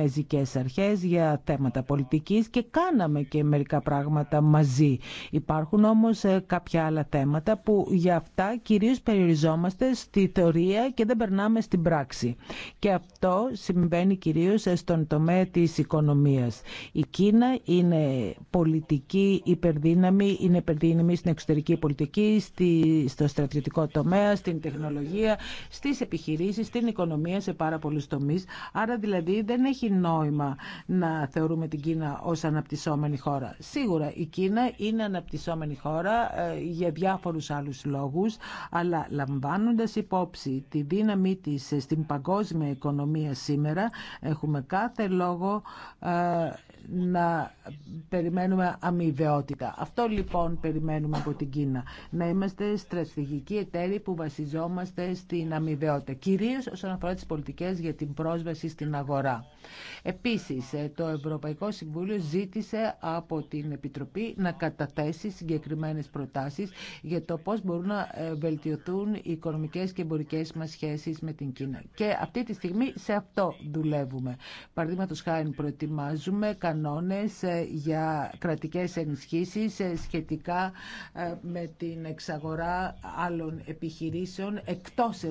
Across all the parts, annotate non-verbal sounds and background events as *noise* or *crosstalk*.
μεζικές αρχές για θέματα πολιτικής και κάναμε και μερικά πράγματα μαζί. Υπάρχουν όμως ε, κάποια άλλα θέματα που για αυτά κυρίως περιοριζόμαστε στη θεωρία και δεν περνάμε στην πράξη. Και αυτό συμβαίνει κυρίως ε, στον τομέα της οικονομίας. Η Κίνα είναι πολιτική υπερδύναμη, είναι υπερδύναμη στην εξωτερική πολιτική, στο στρατιωτικό τομέα, στην τεχνολογία, στις επιχειρήσεις, στην οικονομία σε πάρα πολλούς τομείς. Άρα δηλαδή δεν έχει νόημα να θεωρούμε την Κίνα ως αναπτυσσόμενη χώρα. Σίγουρα η Κίνα είναι αναπτυσσόμενη χώρα ε, για διάφορους άλλους λόγους, αλλά λαμβάνοντας υπόψη τη δύναμή της στην παγκόσμια οικονομία σήμερα, έχουμε κάθε λόγο ε, να περιμένουμε αμοιβαιότητα. Αυτό λοιπόν περιμένουμε από την Κίνα. Να είμαστε στρατηγικοί εταίροι που βασιζόμαστε στην αμοιβαιότητα. Κυρίως όσον αφορά τις πολιτικές για την πρόσβαση στην αγορά. Επίσης, ε, το Ευρωπαϊκό Συμβούλιο ζήτησε από την Επιτροπή να καταθέσει συγκεκριμένες προτάσεις για το πώς μπορούν να ε, βελτιωθούν οι οικονομικές και εμπορικές μας σχέσεις με την Κίνα. Και αυτή τη στιγμή σε αυτό δουλεύουμε. Παραδείγματο χάρη προετοιμάζουμε κανόνες ε, για κρατικές ενισχύσεις ε, σχετικά ε, με την εξαγορά άλλων επιχειρήσεων εκτός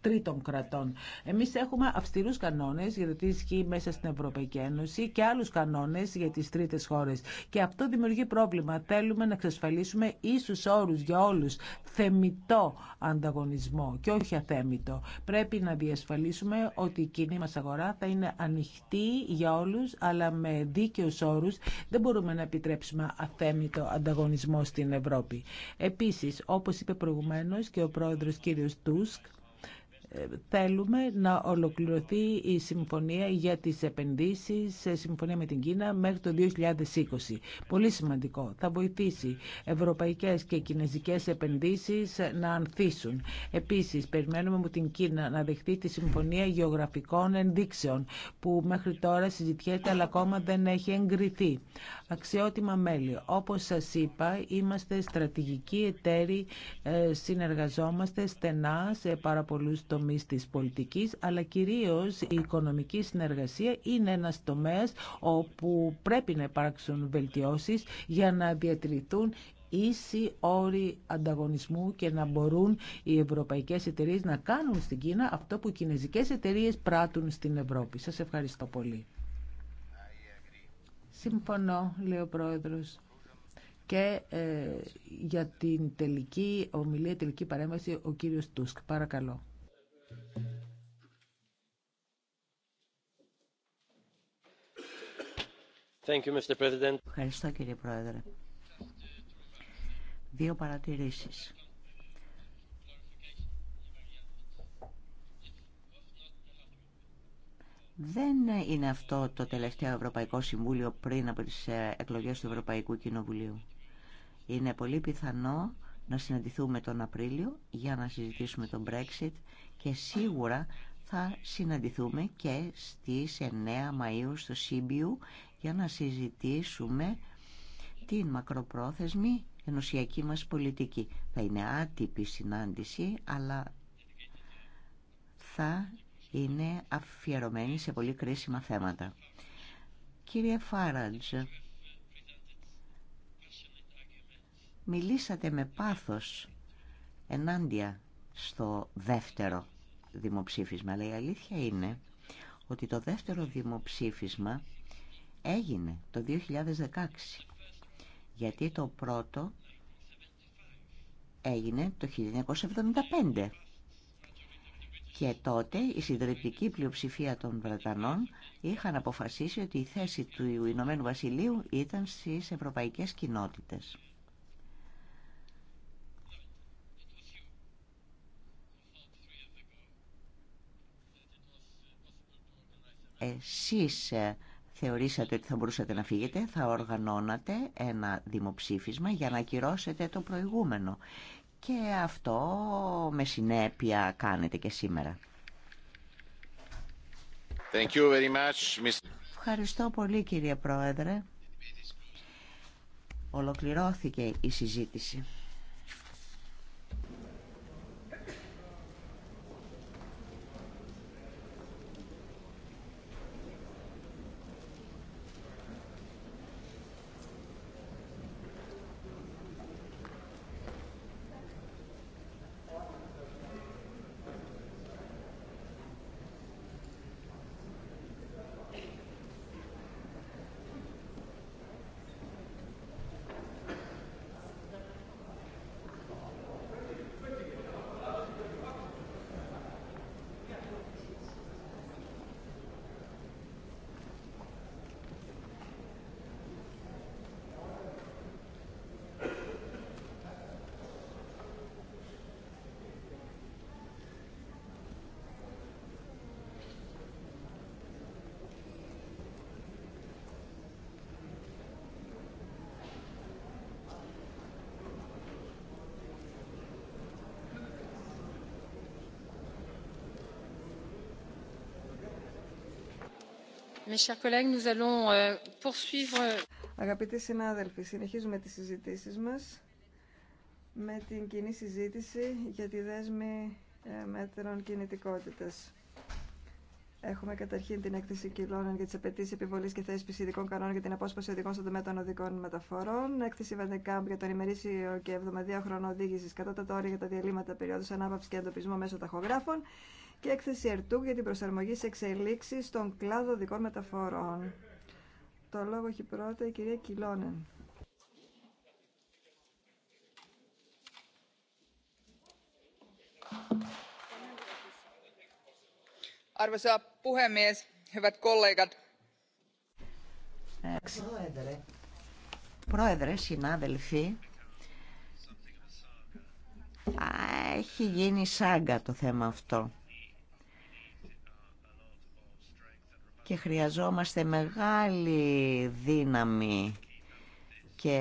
τρίτων κρατών. Εμείς έχουμε αυστηρούς κανόνες για το ισχύει μέσα στην Ευρωπαϊκή Ένωση και άλλους κανόνες για τις τρίτες χώρες. Και αυτό δημιουργεί πρόβλημα. Θέλουμε να εξασφαλίσουμε ίσους όρους για όλους. Θεμητό ανταγωνισμό και όχι αθέμητο. Πρέπει να διασφαλίσουμε ότι η κοινή μας αγορά θα είναι ανοιχτή για όλους, αλλά με με δίκαιους όρους δεν μπορούμε να επιτρέψουμε αθέμητο ανταγωνισμό στην Ευρώπη. Επίσης, όπως είπε προηγουμένω και ο πρόεδρος κύριος Τούσκ, θέλουμε να ολοκληρωθεί η συμφωνία για τις επενδύσεις σε συμφωνία με την Κίνα μέχρι το 2020. Πολύ σημαντικό. Θα βοηθήσει ευρωπαϊκές και κινέζικες επενδύσεις να ανθίσουν. Επίσης, περιμένουμε με την Κίνα να δεχτεί τη συμφωνία γεωγραφικών ενδείξεων που μέχρι τώρα συζητιέται αλλά ακόμα δεν έχει εγκριθεί. Αξιότιμα μέλη, όπως σας είπα, είμαστε στρατηγικοί εταίροι, ε, συνεργαζόμαστε στενά σε πάρα πολλούς τομείς τομείς της πολιτικής, αλλά κυρίως η οικονομική συνεργασία είναι ένας τομέας όπου πρέπει να υπάρξουν βελτιώσεις για να διατηρηθούν ίση όροι ανταγωνισμού και να μπορούν οι ευρωπαϊκές εταιρείες να κάνουν στην Κίνα αυτό που οι κινέζικες εταιρείες πράττουν στην Ευρώπη. Σας ευχαριστώ πολύ. Συμφωνώ, λέει ο Πρόεδρος. Και ε, για την τελική ομιλία, τελική παρέμβαση, ο κύριος Τούσκ. Παρακαλώ. Ευχαριστώ κύριε Πρόεδρε. Δύο παρατηρήσεις. Δεν είναι αυτό το τελευταίο Ευρωπαϊκό Συμβούλιο πριν από τις ε, εκλογές του Ευρωπαϊκού Κοινοβουλίου. Είναι πολύ πιθανό να συναντηθούμε τον Απρίλιο για να συζητήσουμε τον Brexit και σίγουρα θα συναντηθούμε και στις 9 Μαΐου στο Σύμπιου για να συζητήσουμε την μακροπρόθεσμη ενωσιακή μας πολιτική. Θα είναι άτυπη συνάντηση, αλλά θα είναι αφιερωμένη σε πολύ κρίσιμα θέματα. Κύριε Φάραντζ, μιλήσατε με πάθος ενάντια στο δεύτερο δημοψήφισμα, αλλά η αλήθεια είναι ότι το δεύτερο δημοψήφισμα έγινε το 2016 γιατί το πρώτο έγινε το 1975 και τότε η συντριπτική πλειοψηφία των Βρετανών είχαν αποφασίσει ότι η θέση του Ηνωμένου Βασιλείου ήταν στις ευρωπαϊκές κοινότητες. Εσείς ε, θεωρήσατε ότι θα μπορούσατε να φύγετε, θα οργανώνατε ένα δημοψήφισμα για να ακυρώσετε το προηγούμενο. Και αυτό με συνέπεια κάνετε και σήμερα. Thank you very much, Mr. Ευχαριστώ πολύ κύριε Πρόεδρε. Ολοκληρώθηκε η συζήτηση. Euh, euh, Αγαπητοί συνάδελφοι, συνεχίζουμε τις συζητήσεις μας με την κοινή συζήτηση για τη δέσμη ε, μέτρων κινητικότητας. Έχουμε καταρχήν την έκθεση κυλών για τι απαιτήσει επιβολή και θέσπιση ειδικών κανόνων για την απόσπαση οδηγών στον τομέα των οδικών μεταφορών. Έκθεση Βαντεκάμπ για τον ημερήσιο και εβδομαδιαίο χρόνο οδήγηση κατά τα τόρια για τα διαλύματα περίοδου ανάπαυση και εντοπισμού μέσω ταχογράφων και έκθεση ΕΡΤΟΥΚ για την προσαρμογή σε εξελίξει στον κλάδο δικών μεταφορών. Το λόγο έχει πρώτα η κυρία Κιλόνεν. Arvoisa πρόεδρε, συνάδελφοι, έχει γίνει σάγκα το θέμα αυτό. και χρειαζόμαστε μεγάλη δύναμη και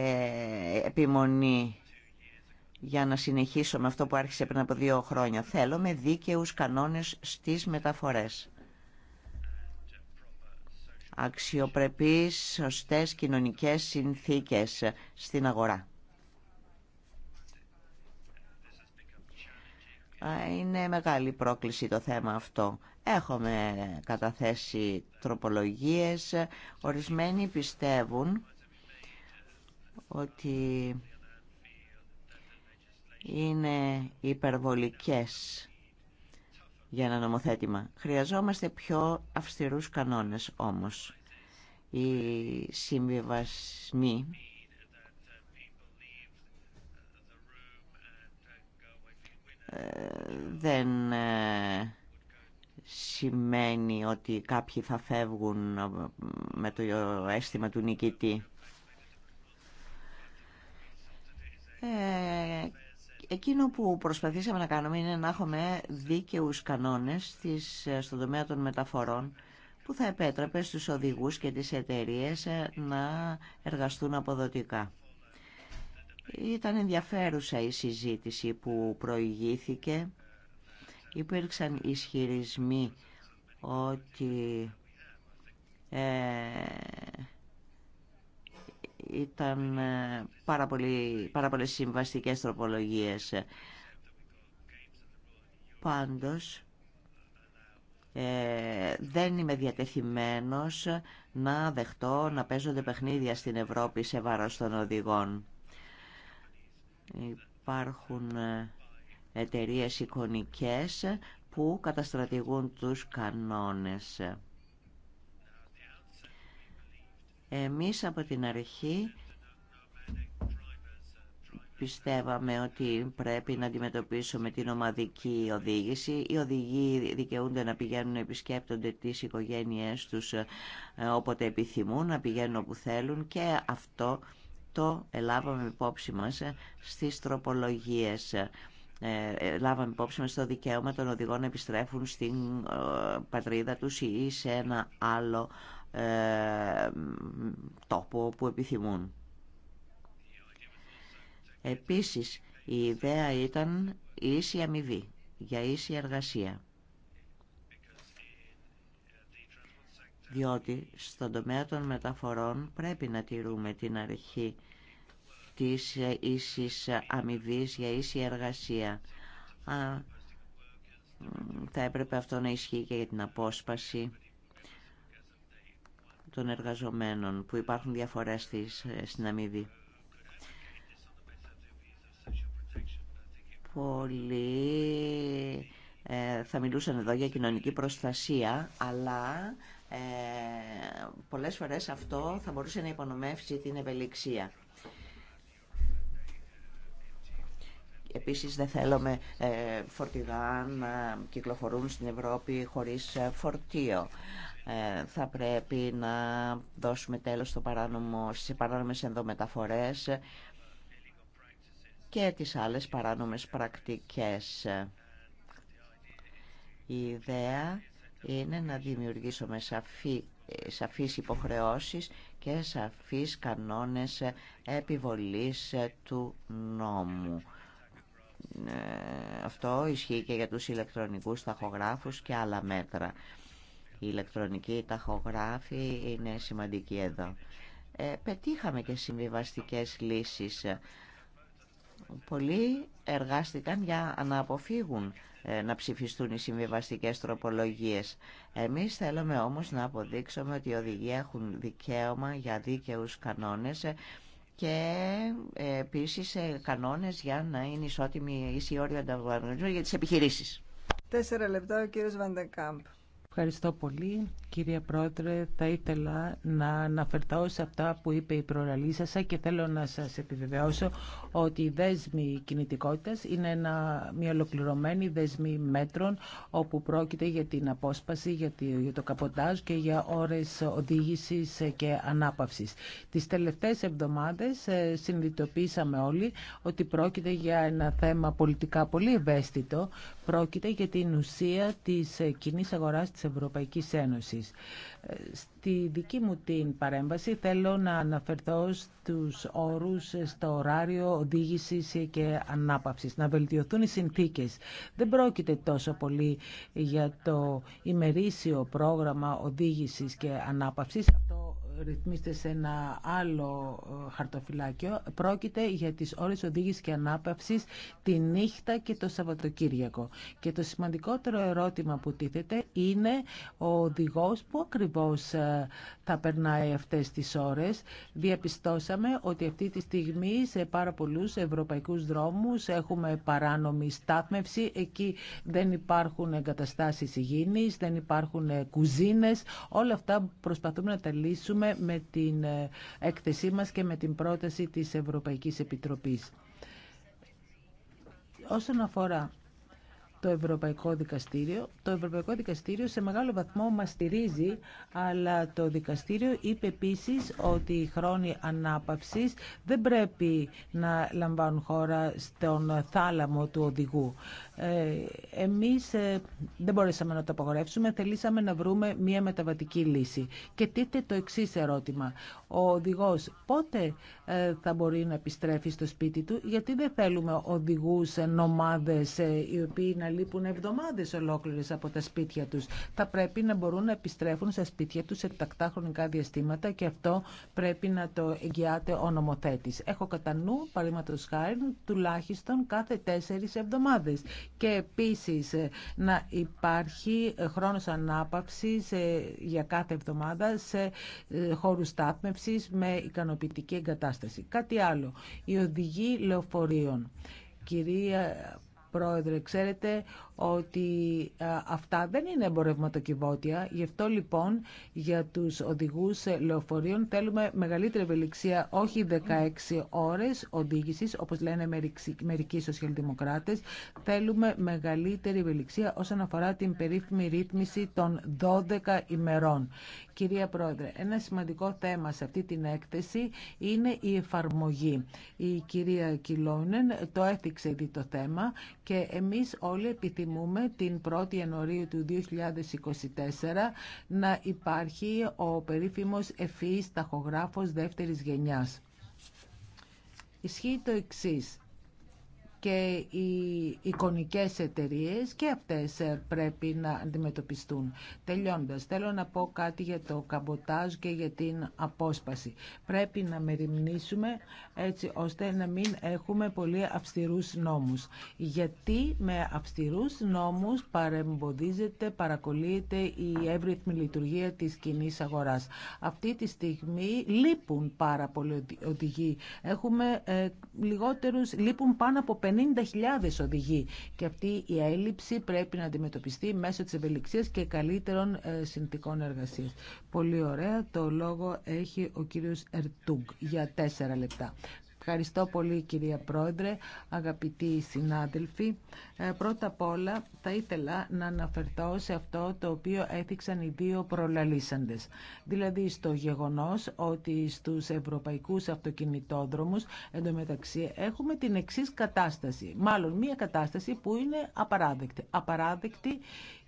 επιμονή για να συνεχίσω με αυτό που άρχισε πριν από δύο χρόνια. Θέλουμε δίκαιους κανόνες στις μεταφορές. Αξιοπρεπείς, σωστές κοινωνικές συνθήκες στην αγορά. Είναι μεγάλη πρόκληση το θέμα αυτό. Έχουμε καταθέσει τροπολογίες. Ορισμένοι πιστεύουν ότι είναι υπερβολικές για ένα νομοθέτημα. Χρειαζόμαστε πιο αυστηρούς κανόνες όμως. Οι συμβιβασμοί ε, δεν ε, σημαίνει ότι κάποιοι θα φεύγουν ε, με το αίσθημα του νικητή. Ε, εκείνο που προσπαθήσαμε να κάνουμε είναι να έχουμε δίκαιους κανόνες στις, ε, στον τομέα των μεταφορών που θα επέτρεπε στους οδηγούς και τις εταιρείες ε, να εργαστούν αποδοτικά. Ήταν ενδιαφέρουσα η συζήτηση που προηγήθηκε Υπήρξαν ισχυρισμοί ότι ε, ήταν ε, πάρα, πολύ, πάρα πολλές συμβαστικές τροπολογίες. Πάντως, ε, δεν είμαι διατεθειμένος να δεχτώ να παίζονται παιχνίδια στην Ευρώπη σε βάρος των οδηγών. Υπάρχουν... Ε, εταιρείε εικονικές που καταστρατηγούν τους κανόνες. Εμείς από την αρχή πιστεύαμε ότι πρέπει να αντιμετωπίσουμε την ομαδική οδήγηση. Οι οδηγοί δικαιούνται να πηγαίνουν να επισκέπτονται τις οικογένειές τους ε, όποτε επιθυμούν, να πηγαίνουν όπου θέλουν και αυτό το ελάβαμε υπόψη μας ε, στις τροπολογίες. Ε, ε, λάβαμε υπόψη μας το δικαίωμα των οδηγών να επιστρέφουν στην ε, πατρίδα τους ή σε ένα άλλο τόπο που επιθυμούν. Επίσης, η ιδέα ήταν η ίση αμοιβή για ίση εργασία. Διότι στον τομέα των μεταφορών πρέπει να τηρούμε την αρχή της ίσης αμοιβή για ίση εργασία. Α, θα έπρεπε αυτό να ισχύει και για την απόσπαση των εργαζομένων που υπάρχουν διαφορές στις, στην αμοιβή. Πολλοί ε, θα μιλούσαν εδώ για κοινωνική προστασία, αλλά ε, πολλές φορές αυτό θα μπορούσε να υπονομεύσει την ευελιξία. Επίσης δεν θέλουμε ε, φορτηγά να κυκλοφορούν στην Ευρώπη χωρίς ε, φορτίο. Ε, θα πρέπει να δώσουμε τέλος στο παράνομο, στις παράνομες ενδομεταφορές και τις άλλες παράνομες πρακτικές. Η ιδέα είναι να δημιουργήσουμε σαφή, σαφείς υποχρεώσεις και σαφείς κανόνες επιβολής του νόμου. Ε, αυτό ισχύει και για τους ηλεκτρονικούς ταχογράφους και άλλα μέτρα. Η ηλεκτρονική ταχογράφη είναι σημαντική εδώ. Ε, πετύχαμε και συμβιβαστικές λύσεις. Πολλοί εργάστηκαν για να αποφύγουν ε, να ψηφιστούν οι συμβιβαστικές τροπολογίες. Εμείς θέλουμε όμως να αποδείξουμε ότι οι οδηγοί έχουν δικαίωμα για δίκαιους κανόνες και ε, επίση ε, κανόνες για να είναι ισότιμη η όριο ανταγωνισμού για τις επιχειρήσεις. Τέσσερα λεπτά ο κύριο Βαντεκάμπ. Ευχαριστώ πολύ. Κύριε Πρόεδρε, θα ήθελα να αναφερθώ σε αυτά που είπε η προραλή και θέλω να σας επιβεβαιώσω ότι η δέσμη κινητικότητας είναι ένα, μια ολοκληρωμένη δέσμη μέτρων όπου πρόκειται για την απόσπαση, για, το καποτάζ και για ώρες οδήγησης και ανάπαυσης. Τις τελευταίες εβδομάδες ε, συνειδητοποίησαμε όλοι ότι πρόκειται για ένα θέμα πολιτικά πολύ ευαίσθητο. Πρόκειται για την ουσία της ε, κοινή αγοράς Ευρωπαϊκής Ένωσης. Ε, στη δική μου την παρέμβαση θέλω να αναφερθώ στους όρους, στο ωράριο οδήγησης και ανάπαυσης, να βελτιωθούν οι συνθήκες. Δεν πρόκειται τόσο πολύ για το ημερήσιο πρόγραμμα οδήγησης και ανάπαυσης. Αυτό ρυθμίστε σε ένα άλλο ε, χαρτοφυλάκιο. Πρόκειται για τις ώρες οδήγησης και ανάπαυσης τη νύχτα και το Σαββατοκύριακο. Και το σημαντικότερο ερώτημα που τίθεται είναι ο οδηγός που ακριβώς ε, θα περνάει αυτές τις ώρες. Διαπιστώσαμε ότι αυτή τη στιγμή σε πάρα πολλούς ευρωπαϊκούς δρόμους έχουμε παράνομη στάθμευση. Εκεί δεν υπάρχουν εγκαταστάσεις υγιεινής, δεν υπάρχουν ε, κουζίνες. Όλα αυτά προσπαθούμε να τα λύσουμε με την ε, έκθεσή μας και με την πρόταση της Ευρωπαϊκής Επιτροπής. Όσον αφορά το Ευρωπαϊκό Δικαστήριο. Το Ευρωπαϊκό Δικαστήριο σε μεγάλο βαθμό μα στηρίζει, αλλά το Δικαστήριο είπε επίσης ότι οι χρόνοι ανάπαυση δεν πρέπει να λαμβάνουν χώρα στον θάλαμο του οδηγού. Ε, εμείς ε, δεν μπορέσαμε να το απαγορεύσουμε, θελήσαμε να βρούμε μια μεταβατική λύση. Και τίθεται το εξή ερώτημα. Ο οδηγό πότε ε, θα μπορεί να επιστρέφει στο σπίτι του, γιατί δεν θέλουμε οδηγού νομάδε οι οποίοι να λείπουν εβδομάδες ολόκληρες από τα σπίτια τους. Θα πρέπει να μπορούν να επιστρέφουν στα σπίτια τους σε τακτά χρονικά διαστήματα και αυτό πρέπει να το εγγυάται ο νομοθέτης. Έχω κατά νου, παραδείγματος χάρη, τουλάχιστον κάθε τέσσερις εβδομάδες. Και επίσης ε, να υπάρχει χρόνος ανάπαυσης ε, για κάθε εβδομάδα σε ε, χώρους στάθμευσης με ικανοποιητική εγκατάσταση. Κάτι άλλο, η οδηγή λεωφορείων. Κυρία Πρόεδρε. Ξέρετε ότι ε, αυτά δεν είναι εμπορευματοκιβώτια. Γι' αυτό λοιπόν για τους οδηγούς λεωφορείων θέλουμε μεγαλύτερη ευελιξία, όχι 16 ώρες οδήγησης, όπως λένε μερικοί σοσιαλδημοκράτες. Θέλουμε μεγαλύτερη ευελιξία όσον αφορά την περίφημη ρύθμιση των 12 ημερών. Κυρία Πρόεδρε, ένα σημαντικό θέμα σε αυτή την έκθεση είναι η εφαρμογή. Η κυρία Κιλόνεν το έθιξε ήδη το θέμα και εμείς όλοι επιθυμούμε προτιμούμε την 1η Ιανουαρίου του 2024 να υπάρχει ο περίφημος ευφύης ταχογράφος δεύτερης γενιάς. Ισχύει το εξής και οι εικονικές εταιρείε και αυτές ε, πρέπει να αντιμετωπιστούν. Τελειώντας, θέλω να πω κάτι για το καμποτάζ και για την απόσπαση. Πρέπει να μεριμνήσουμε έτσι ώστε να μην έχουμε πολύ αυστηρούς νόμους. Γιατί με αυστηρούς νόμους παρεμποδίζεται, παρακολύεται η εύρυθμη λειτουργία της κοινή αγοράς. Αυτή τη στιγμή λείπουν πάρα πολλοί οδηγοί. Έχουμε ε, λιγότερους, λείπουν πάνω από 50 90.000 οδηγοί και αυτή η έλλειψη πρέπει να αντιμετωπιστεί μέσω της ευελιξίας και καλύτερων ε, συνθήκων εργασίας. Πολύ ωραία, το λόγο έχει ο κύριος Ερτούγκ για τέσσερα λεπτά. Ευχαριστώ πολύ κυρία Πρόεδρε, αγαπητοί συνάδελφοι. Ε, πρώτα απ' όλα θα ήθελα να αναφερθώ σε αυτό το οποίο έθιξαν οι δύο προλαλήσαντες. Δηλαδή στο γεγονός ότι στους ευρωπαϊκούς αυτοκινητόδρομους εντωμεταξύ έχουμε την εξής κατάσταση. Μάλλον μια κατάσταση που είναι απαράδεκτη. Απαράδεκτη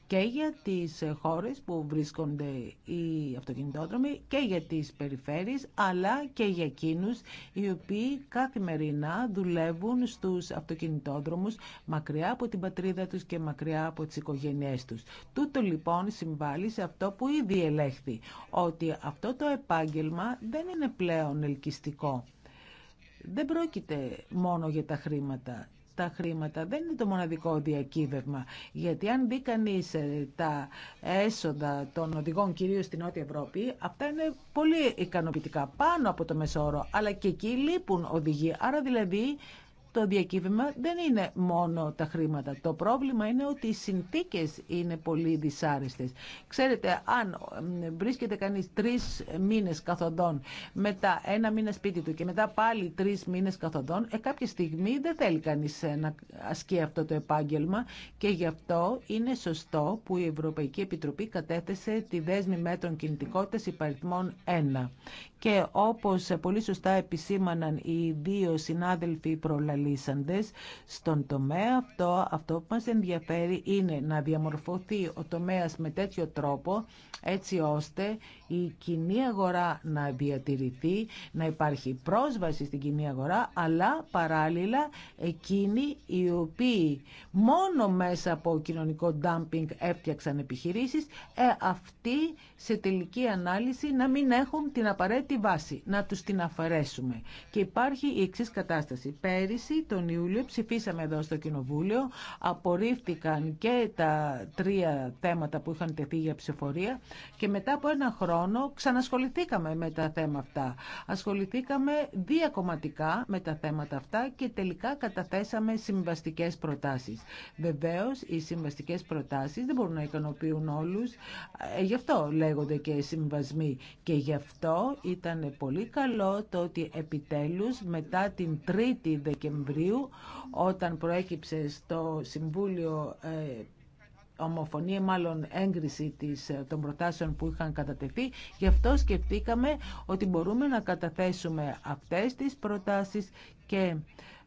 και για τις χώρες που βρίσκονται οι αυτοκινητόδρομοι και για τις περιφέρειες αλλά και για εκείνους οι οποίοι καθημερινά δουλεύουν στους αυτοκινητόδρομους μακριά από την πατρίδα τους και μακριά από τις οικογένειές τους. Τούτο λοιπόν συμβάλλει σε αυτό που ήδη ελέγχθη, ότι αυτό το επάγγελμα δεν είναι πλέον ελκυστικό. Δεν πρόκειται μόνο για τα χρήματα τα χρήματα δεν είναι το μοναδικό διακύβευμα. Γιατί αν δει κανεί ε, τα έσοδα των οδηγών, κυρίω στην Νότια Ευρώπη, αυτά είναι πολύ ικανοποιητικά, πάνω από το μεσόρο. Αλλά και εκεί λείπουν οδηγοί. Άρα δηλαδή το διακύβευμα δεν είναι μόνο τα χρήματα. Το πρόβλημα είναι ότι οι συνθήκε είναι πολύ δυσάρεστες. Ξέρετε, αν βρίσκεται κανείς τρει μήνες καθοδόν, μετά ένα μήνα σπίτι του και μετά πάλι τρει μήνες καθοδόν, ε, κάποια στιγμή δεν θέλει κανείς ε, να ασκεί αυτό το επάγγελμα και γι' αυτό είναι σωστό που η Ευρωπαϊκή Επιτροπή κατέθεσε τη δέσμη μέτρων κινητικότητας υπαριθμών 1 και όπως πολύ σωστά επισήμαναν οι δύο συνάδελφοι προλαλήσαντες στον τομέα αυτό, αυτό που μας ενδιαφέρει είναι να διαμορφωθεί ο τομέας με τέτοιο τρόπο έτσι ώστε η κοινή αγορά να διατηρηθεί, να υπάρχει πρόσβαση στην κοινή αγορά, αλλά παράλληλα εκείνοι οι οποίοι μόνο μέσα από κοινωνικό ντάμπινγκ έφτιαξαν επιχειρήσεις, ε, αυτοί σε τελική ανάλυση να μην έχουν την απαραίτητη τη βάση, να τους την αφαιρέσουμε. Και υπάρχει η εξή κατάσταση. Πέρυσι, τον Ιούλιο, ψηφίσαμε εδώ στο Κοινοβούλιο, απορρίφθηκαν και τα τρία θέματα που είχαν τεθεί για ψηφορία και μετά από ένα χρόνο ξανασχοληθήκαμε με τα θέματα αυτά. Ασχοληθήκαμε διακομματικά με τα θέματα αυτά και τελικά καταθέσαμε συμβαστικές προτάσεις. Βεβαίως, οι συμβαστικές προτάσεις δεν μπορούν να ικανοποιούν όλους. Ε, γι' αυτό λέγονται και συμβασμοί. Και γι' αυτό ήταν πολύ καλό το ότι επιτέλους μετά την 3η Δεκεμβρίου όταν προέκυψε στο Συμβούλιο ε, ομοφωνία, μάλλον έγκριση της, ε, των προτάσεων που είχαν κατατεθεί. Γι' αυτό σκεφτήκαμε ότι μπορούμε να καταθέσουμε αυτές τις προτάσεις και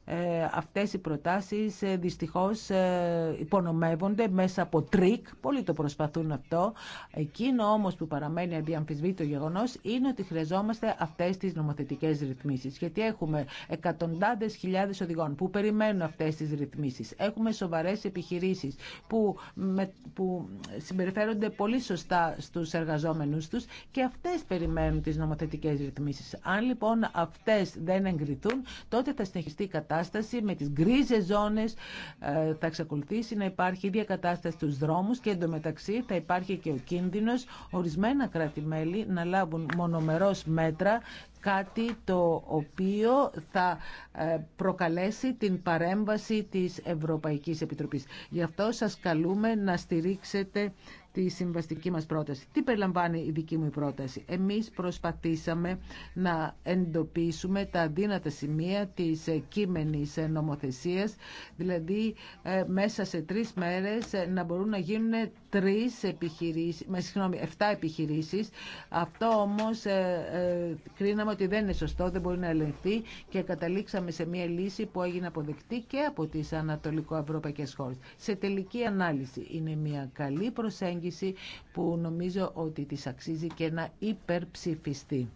ε, αυτές οι προτάσεις ε, δυστυχώς ε, υπονομεύονται μέσα από τρίκ, πολλοί το προσπαθούν αυτό. Εκείνο όμως που παραμένει αδιαμφισβήτητο γεγονός είναι ότι χρειαζόμαστε αυτές τις νομοθετικές ρυθμίσεις. Γιατί έχουμε εκατοντάδες χιλιάδες οδηγών που περιμένουν αυτές τις ρυθμίσεις. Έχουμε σοβαρές επιχειρήσεις που, με, που συμπεριφέρονται πολύ σωστά στους εργαζόμενους τους και αυτές περιμένουν τις νομοθετικές ρυθμίσεις. Αν λοιπόν αυτές δεν εγκριθούν, τότε θα συνεχιστεί η κατάσταση με τις γκρίζε ζώνες ε, θα εξακολουθήσει να υπάρχει διακατάσταση στους δρόμους και εντωμεταξύ θα υπάρχει και ο κίνδυνος ορισμένα κράτη-μέλη να λάβουν μονομερός μέτρα κάτι το οποίο θα ε, προκαλέσει την παρέμβαση της Ευρωπαϊκής Επιτροπής. Γι' αυτό σας καλούμε να στηρίξετε τη συμβαστική μας πρόταση. Τι περιλαμβάνει η δική μου πρόταση. Εμείς προσπαθήσαμε να εντοπίσουμε τα δύνατα σημεία της κείμενης νομοθεσίας, δηλαδή ε, μέσα σε τρεις μέρες ε, να μπορούν να γίνουν τρεις επιχειρήσεις, με συγγνώμη, 7 επιχειρήσεις. Αυτό όμως ε, ε, κρίναμε ότι δεν είναι σωστό, δεν μπορεί να ελεγχθεί και καταλήξαμε σε μια λύση που έγινε αποδεκτή και από τις ανατολικοευρωπαϊκές χώρες. Σε τελική ανάλυση είναι μια καλή προσέγγιση που νομίζω ότι της αξίζει και να υπερψηφιστεί.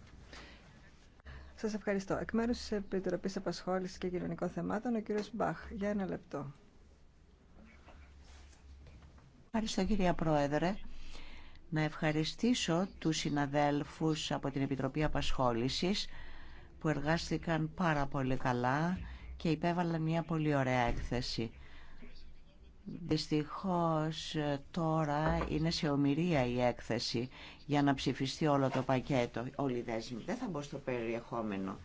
Σας ευχαριστώ. Εκ μέρους της Επιτροπής Απασχόλησης και Κοινωνικών Θεμάτων, ο κύριος Μπαχ. Για ένα λεπτό. Ευχαριστώ κυρία Πρόεδρε. Να ευχαριστήσω τους συναδέλφους από την Επιτροπή Απασχόλησης που εργάστηκαν πάρα πολύ καλά και υπέβαλαν μια πολύ ωραία έκθεση. Δυστυχώς τώρα είναι σε ομοιρία η έκθεση για να ψηφιστεί όλο το πακέτο, όλοι οι δέσμοι. Δεν θα μπω στο περιεχόμενο.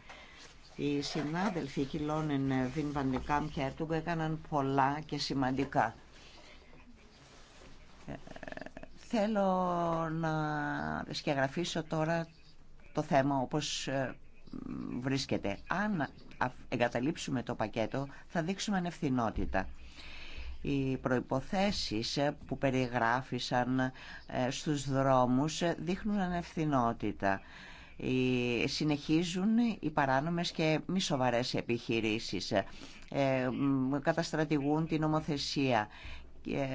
Οι συνάδελφοι Κιλόνεν, Βιν Βαντικάμ και Έρτουγκ έκαναν πολλά και σημαντικά. Θέλω να σκεγγραφίσω τώρα το θέμα όπως ε, βρίσκεται. Αν εγκαταλείψουμε το πακέτο θα δείξουμε ανευθυνότητα. Οι προϋποθέσεις ε, που περιγράφησαν ε, στους δρόμους δείχνουν ανευθυνότητα. Συνεχίζουν οι παράνομες και μη σοβαρές επιχειρήσεις. Καταστρατηγούν την ομοθεσία και,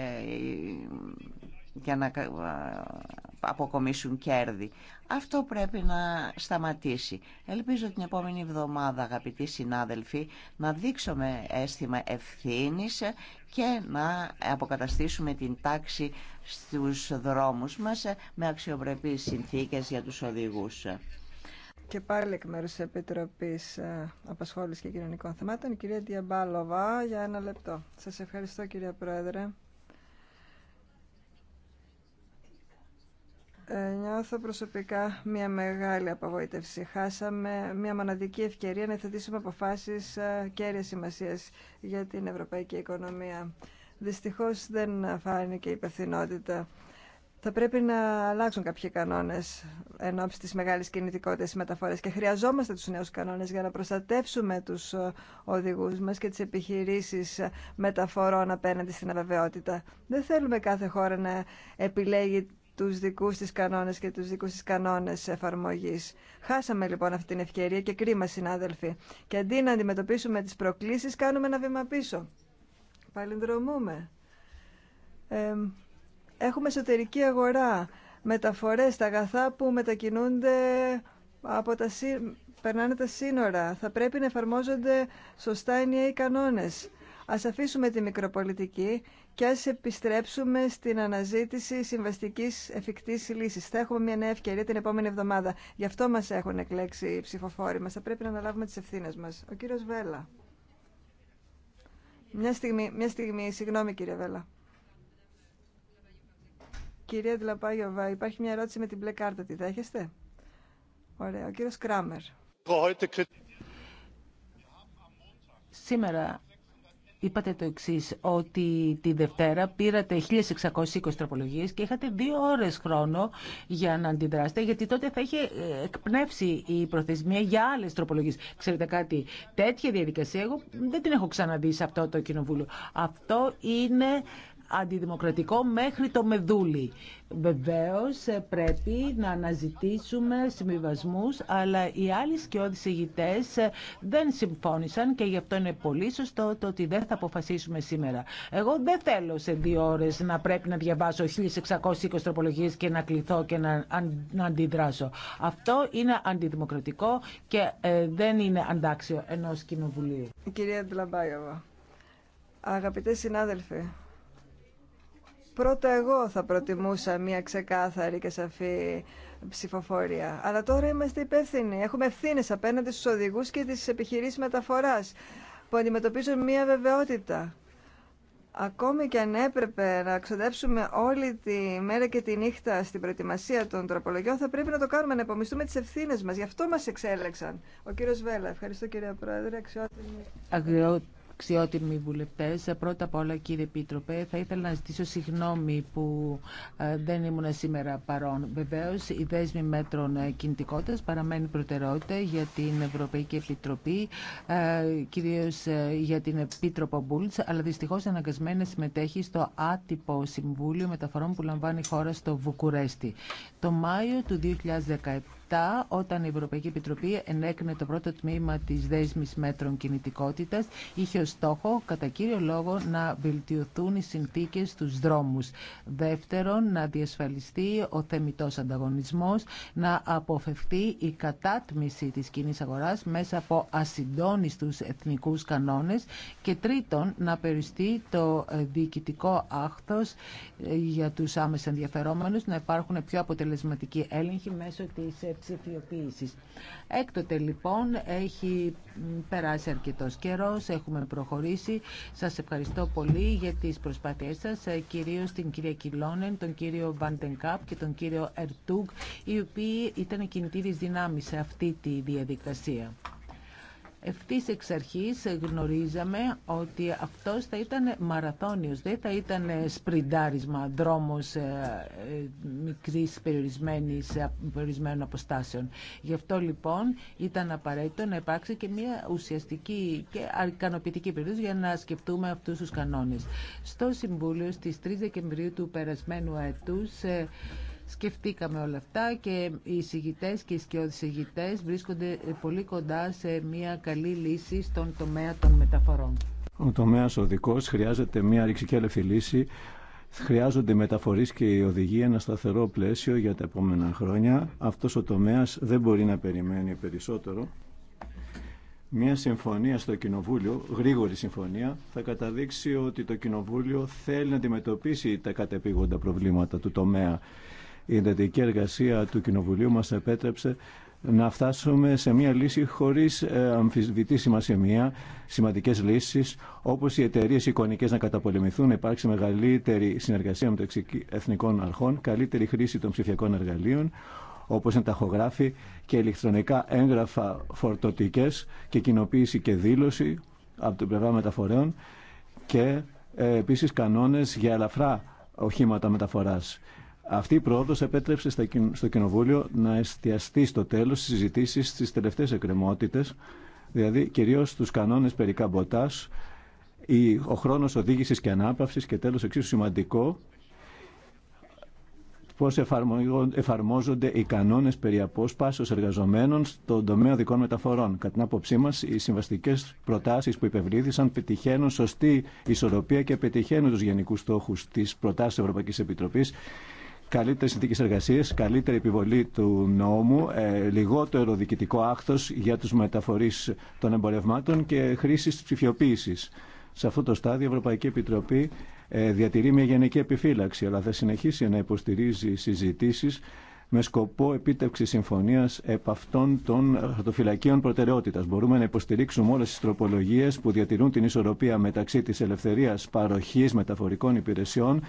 για να αποκομίσουν κέρδη. Αυτό πρέπει να σταματήσει. Ελπίζω την επόμενη εβδομάδα, αγαπητοί συνάδελφοι, να δείξουμε αίσθημα ευθύνης και να αποκαταστήσουμε την τάξη στους δρόμους μας με αξιοπρεπείς συνθήκες για τους οδηγούς. Και πάλι εκ μέρου τη επίτροπή ε, Απασχόληση και Κοινωνικών Θεμάτων, η κυρία Διαμπάλοβα, για ένα λεπτό. Σας ευχαριστώ κυρία Πρόεδρε. Ε, νιώθω προσωπικά μια μεγάλη απογοήτευση. Χάσαμε μια μοναδική ευκαιρία να θετήσουμε αποφάσεις ε, κέρια σημασίας για την ευρωπαϊκή οικονομία. Δυστυχώς δεν φάνηκε η υπευθυνότητα θα πρέπει να αλλάξουν κάποιοι κανόνε εν ώψη τη μεγάλη κινητικότητα στι μεταφορέ και χρειαζόμαστε του νέου κανόνε για να προστατεύσουμε του ε, οδηγού μα και τι επιχειρήσει ε, μεταφορών απέναντι στην αβεβαιότητα. Δεν θέλουμε κάθε χώρα να επιλέγει του δικού τη κανόνε και του δικού τη κανόνε εφαρμογή. Χάσαμε λοιπόν αυτή την ευκαιρία και κρίμα, συνάδελφοι. Και αντί να αντιμετωπίσουμε τι προκλήσει, κάνουμε ένα βήμα πίσω. Παλινδρομούμε. Ε, Έχουμε εσωτερική αγορά, μεταφορές, τα αγαθά που μετακινούνται από τα περνάνε τα σύνορα. Θα πρέπει να εφαρμόζονται σωστά ενιαίοι κανόνες. Ας αφήσουμε τη μικροπολιτική και ας επιστρέψουμε στην αναζήτηση συμβαστικής εφικτής λύσης. Θα έχουμε μια νέα ευκαιρία την επόμενη εβδομάδα. Γι' αυτό μας έχουν εκλέξει οι ψηφοφόροι μας. Θα πρέπει να αναλάβουμε τις ευθύνες μας. Ο κύριος Βέλα. Μια στιγμή, μια στιγμή, συγγνώμη κύριε Βέλα. Κυρία Τλαπάγιοβα, υπάρχει μια ερώτηση με την μπλε κάρτα. Τη δέχεστε? Ωραία. Ο κύριο Κράμερ. Σήμερα είπατε το εξή, ότι τη Δευτέρα πήρατε 1620 τροπολογίε και είχατε δύο ώρε χρόνο για να αντιδράσετε, γιατί τότε θα είχε ε, εκπνεύσει η προθεσμία για άλλε τροπολογίε. Ξέρετε κάτι, τέτοια διαδικασία εγώ δεν την έχω ξαναδεί σε αυτό το κοινοβούλιο. Αυτό είναι αντιδημοκρατικό μέχρι το μεδούλι. Βεβαίως ε, πρέπει να αναζητήσουμε συμβιβασμού, αλλά οι άλλοι σκιώδεις ηγητές ε, δεν συμφώνησαν και γι' αυτό είναι πολύ σωστό το ότι δεν θα αποφασίσουμε σήμερα. Εγώ δεν θέλω σε δύο ώρες να πρέπει να διαβάσω 1620 τροπολογίες και να κληθώ και να, αντιδράσω. Αυτό είναι αντιδημοκρατικό και ε, δεν είναι αντάξιο ενός κοινοβουλίου. Κυρία Ντλαμπάγεβα, αγαπητέ συνάδελφοι, Πρώτα εγώ θα προτιμούσα μια ξεκάθαρη και σαφή ψηφοφορία. Αλλά τώρα είμαστε υπεύθυνοι. Έχουμε ευθύνε απέναντι στους οδηγούς και τις επιχειρήσεις μεταφοράς που αντιμετωπίζουν μια βεβαιότητα. Ακόμη και αν έπρεπε να ξοδέψουμε όλη τη μέρα και τη νύχτα στην προετοιμασία των τροπολογιών, θα πρέπει να το κάνουμε, να υπομιστούμε τι ευθύνε μα. Γι' αυτό μα εξέλεξαν. Ο κύριο Βέλα, ευχαριστώ κύριε Πρόεδρε. Αξιότιμη αξιότιμοι βουλευτές. Πρώτα απ' όλα κύριε Επίτροπε, θα ήθελα να ζητήσω συγγνώμη που ε, δεν ήμουν σήμερα παρόν. Βεβαίως η δέσμη μέτρων ε, κινητικότητας παραμένει προτεραιότητα για την Ευρωπαϊκή Επιτροπή, ε, κυρίως για την Επίτροπο Μπούλτς, αλλά δυστυχώς αναγκασμένη να συμμετέχει στο άτυπο Συμβούλιο Μεταφορών που λαμβάνει η χώρα στο Βουκουρέστι. Το Μάιο του 2017 2007 όταν η Ευρωπαϊκή Επιτροπή ενέκρινε το πρώτο τμήμα της δέσμης μέτρων κινητικότητας είχε ως στόχο κατά κύριο λόγο να βελτιωθούν οι συνθήκες στους δρόμους. Δεύτερον, να διασφαλιστεί ο θεμητός ανταγωνισμός, να αποφευθεί η κατάτμιση της κοινή αγοράς μέσα από ασυντόνιστους εθνικούς κανόνες και τρίτον, να περιστεί το διοικητικό άχθος ε, για τους άμεσα ενδιαφερόμενους, να υπάρχουν πιο αποτελεσματικοί έλεγχοι μέσω της ψηφιοποίησης. Έκτοτε λοιπόν έχει περάσει αρκετός καιρός, έχουμε προχωρήσει. Σας ευχαριστώ πολύ για τις προσπάθειές σας, ε, κυρίως την κυρία Κιλόνεν, τον κύριο Βαντενκάπ και τον κύριο Ερτούγκ, οι οποίοι ήταν κινητήρες δυνάμεις σε αυτή τη διαδικασία. Ευθύς εξ αρχής γνωρίζαμε ότι αυτός θα ήταν μαραθώνιος, δεν θα ήταν σπριντάρισμα, δρόμος ε, ε, μικρής περιορισμένης, ε, περιορισμένων αποστάσεων. Γι' αυτό λοιπόν ήταν απαραίτητο να υπάρξει και μια ουσιαστική και ικανοποιητική περίοδος για να σκεφτούμε αυτούς τους κανόνες. Στο Συμβούλιο στις 3 Δεκεμβρίου του περασμένου έτους Σκεφτήκαμε όλα αυτά και οι συγητές και οι σκιώδεις βρίσκονται πολύ κοντά σε μια καλή λύση στον τομέα των μεταφορών. Ο τομέας οδικός χρειάζεται μια ρηξικέλευτη λύση. Χρειάζονται μεταφορείς και η οδηγία ένα σταθερό πλαίσιο για τα επόμενα χρόνια. Αυτός ο τομέας δεν μπορεί να περιμένει περισσότερο. Μια συμφωνία στο Κοινοβούλιο, γρήγορη συμφωνία, θα καταδείξει ότι το Κοινοβούλιο θέλει να αντιμετωπίσει τα κατεπήγοντα προβλήματα του τομέα η εντατική εργασία του Κοινοβουλίου μας επέτρεψε να φτάσουμε σε μια λύση χωρίς ε, αμφισβητήσιμα σημεία, σημαντικές λύσεις, όπως οι εταιρείε εικονικές να καταπολεμηθούν, να υπάρξει μεγαλύτερη συνεργασία με το εθνικών αρχών, καλύτερη χρήση των ψηφιακών εργαλείων, όπως είναι ταχογράφη και ηλεκτρονικά έγγραφα φορτωτικές και κοινοποίηση και δήλωση από την πλευρά μεταφορέων και ε, επίσης κανόνες για ελαφρά οχήματα μεταφοράς. Αυτή η πρόοδο επέτρεψε στο Κοινοβούλιο να εστιαστεί στο τέλο στι συζητήσει στι τελευταίε εκκρεμότητε, δηλαδή κυρίω στους κανόνε περί καμποτά, ο χρόνο οδήγηση και ανάπαυση και τέλο εξίσου σημαντικό, πώ εφαρμόζονται οι κανόνε περί απόσπαση εργαζομένων στον τομέα δικών μεταφορών. Κατά την άποψή μα, οι συμβαστικέ προτάσει που υπευλήθησαν πετυχαίνουν σωστή ισορροπία και πετυχαίνουν του γενικού στόχου τη προτάσης Ευρωπαϊκή Επιτροπή. Καλύτερε συνθήκε εργασία, καλύτερη επιβολή του νόμου, ε, λιγότερο διοικητικό άκτο για του μεταφορεί των εμπορευμάτων και χρήση τη ψηφιοποίηση. Σε αυτό το στάδιο η Ευρωπαϊκή Επιτροπή ε, διατηρεί μια γενική επιφύλαξη, αλλά θα συνεχίσει να υποστηρίζει συζητήσει με σκοπό επίτευξη συμφωνία επ' αυτών των χαρτοφυλακίων προτεραιότητα. Μπορούμε να υποστηρίξουμε όλε τι τροπολογίε που διατηρούν την ισορροπία μεταξύ τη ελευθερία παροχή μεταφορικών υπηρεσιών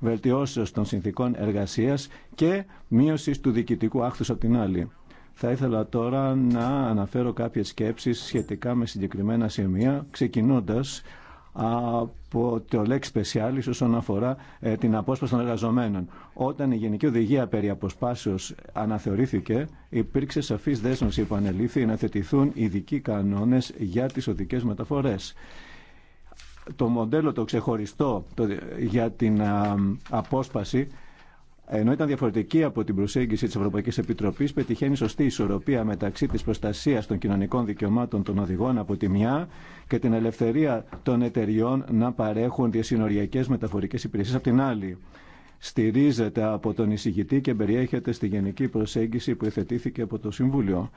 βελτιώσεως των συνθήκων εργασίας και μείωση του διοικητικού άχθου από την άλλη. Θα ήθελα τώρα να αναφέρω κάποιες σκέψεις σχετικά με συγκεκριμένα σημεία, ξεκινώντας από το λέξη Specialis όσον αφορά ε, την απόσπαση των εργαζομένων. Όταν η Γενική Οδηγία περί αποσπάσεως αναθεωρήθηκε, υπήρξε σαφής δέσμευση που ανελήφθη να θετηθούν ειδικοί κανόνες για τις οδικές μεταφορές το μοντέλο το ξεχωριστό για την απόσπαση ενώ ήταν διαφορετική από την προσέγγιση της Ευρωπαϊκής Επιτροπής, πετυχαίνει σωστή ισορροπία μεταξύ της προστασίας των κοινωνικών δικαιωμάτων των οδηγών από τη μια και την ελευθερία των εταιριών να παρέχουν διασυνοριακές μεταφορικές υπηρεσίες από την άλλη. Στηρίζεται από τον εισηγητή και περιέχεται στη γενική προσέγγιση που εθετήθηκε από το Συμβούλιο.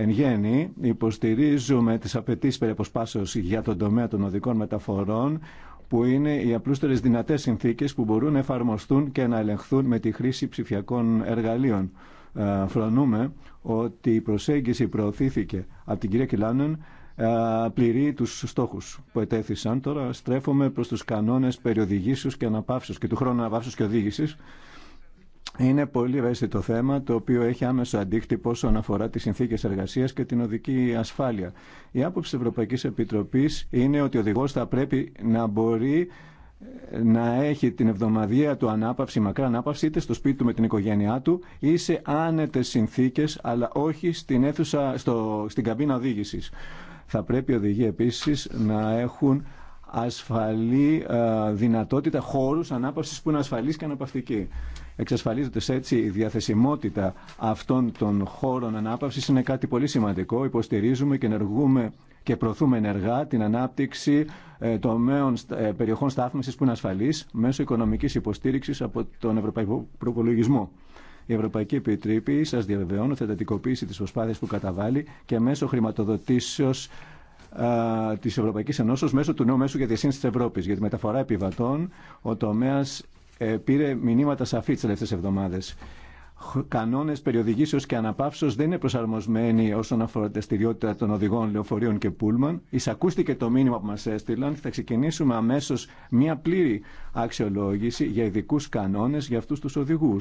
Εν γέννη, υποστηρίζουμε τις απαιτήσεις περί για τον τομέα των οδικών μεταφορών, που είναι οι απλούστερες δυνατές συνθήκες που μπορούν να εφαρμοστούν και να ελεγχθούν με τη χρήση ψηφιακών εργαλείων. Ε, φρονούμε ότι η προσέγγιση προωθήθηκε από την κυρία Κιλάνεν ε, πληρεί τους στόχους που ετέθησαν. Τώρα στρέφομαι προς τους κανόνες περιοδηγήσεως και αναπαύσεως και του χρόνου αναπαύσεως και οδήγησης είναι πολύ ευαίσθητο θέμα το οποίο έχει άμεσο αντίκτυπο όσον αφορά τι συνθήκε εργασία και την οδική ασφάλεια. Η άποψη τη Ευρωπαϊκή Επιτροπή είναι ότι ο οδηγό θα πρέπει να μπορεί ε, να έχει την εβδομαδία του ανάπαυση, μακρά ανάπαυση, είτε στο σπίτι του με την οικογένειά του ή σε άνετε συνθήκε, αλλά όχι στην, αίθουσα, καμπίνα οδήγηση. Θα πρέπει οι οδηγοί επίση να έχουν ασφαλή ε, δυνατότητα χώρου ανάπαυσης που είναι ασφαλή και αναπαυτική. Εξασφαλίζοντας έτσι η διαθεσιμότητα αυτών των χώρων ανάπαυσης είναι κάτι πολύ σημαντικό. Υποστηρίζουμε και ενεργούμε και προωθούμε ενεργά την ανάπτυξη ε, τομέων ε, περιοχών στάθμισης που είναι ασφαλή μέσω οικονομικής υποστήριξης από τον Ευρωπαϊκό Προπολογισμό. Η Ευρωπαϊκή Επιτροπή σας διαβεβαιώνω θετατικοποίηση της προσπάθειας που καταβάλει και μέσω χρηματοδοτήσεως τη Ευρωπαϊκή Ενώσεω μέσω του νέου μέσου για τη σύνθεση τη Ευρώπη. Για τη μεταφορά επιβατών, ο τομέα ε, πήρε μηνύματα σαφή τι τελευταίε εβδομάδε. Κανόνε περιοδηγήσεω και αναπαύσεω δεν είναι προσαρμοσμένοι όσον αφορά τη δραστηριότητα των οδηγών λεωφορείων και πούλμαν. Εισακούστηκε το μήνυμα που μα έστειλαν. Θα ξεκινήσουμε αμέσω μια πλήρη αξιολόγηση για ειδικού κανόνε για αυτού του οδηγού.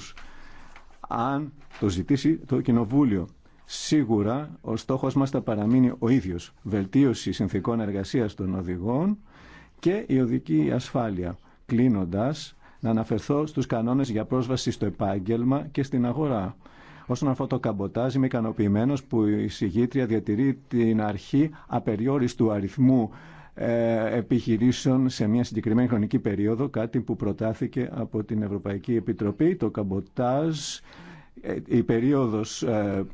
Αν το ζητήσει το Κοινοβούλιο. Σίγουρα ο στόχος μας θα παραμείνει ο ίδιος. Βελτίωση συνθήκων εργασίας των οδηγών και η οδική ασφάλεια. Κλείνοντας, να αναφερθώ στους κανόνες για πρόσβαση στο επάγγελμα και στην αγορά. Όσον αφορά το καμποτάζ, είμαι ικανοποιημένο που η συγγήτρια διατηρεί την αρχή απεριόριστου αριθμού ε, επιχειρήσεων σε μια συγκεκριμένη χρονική περίοδο, κάτι που προτάθηκε από την Ευρωπαϊκή Επιτροπή. Το καμποτάζ, ε, η περίοδος ε,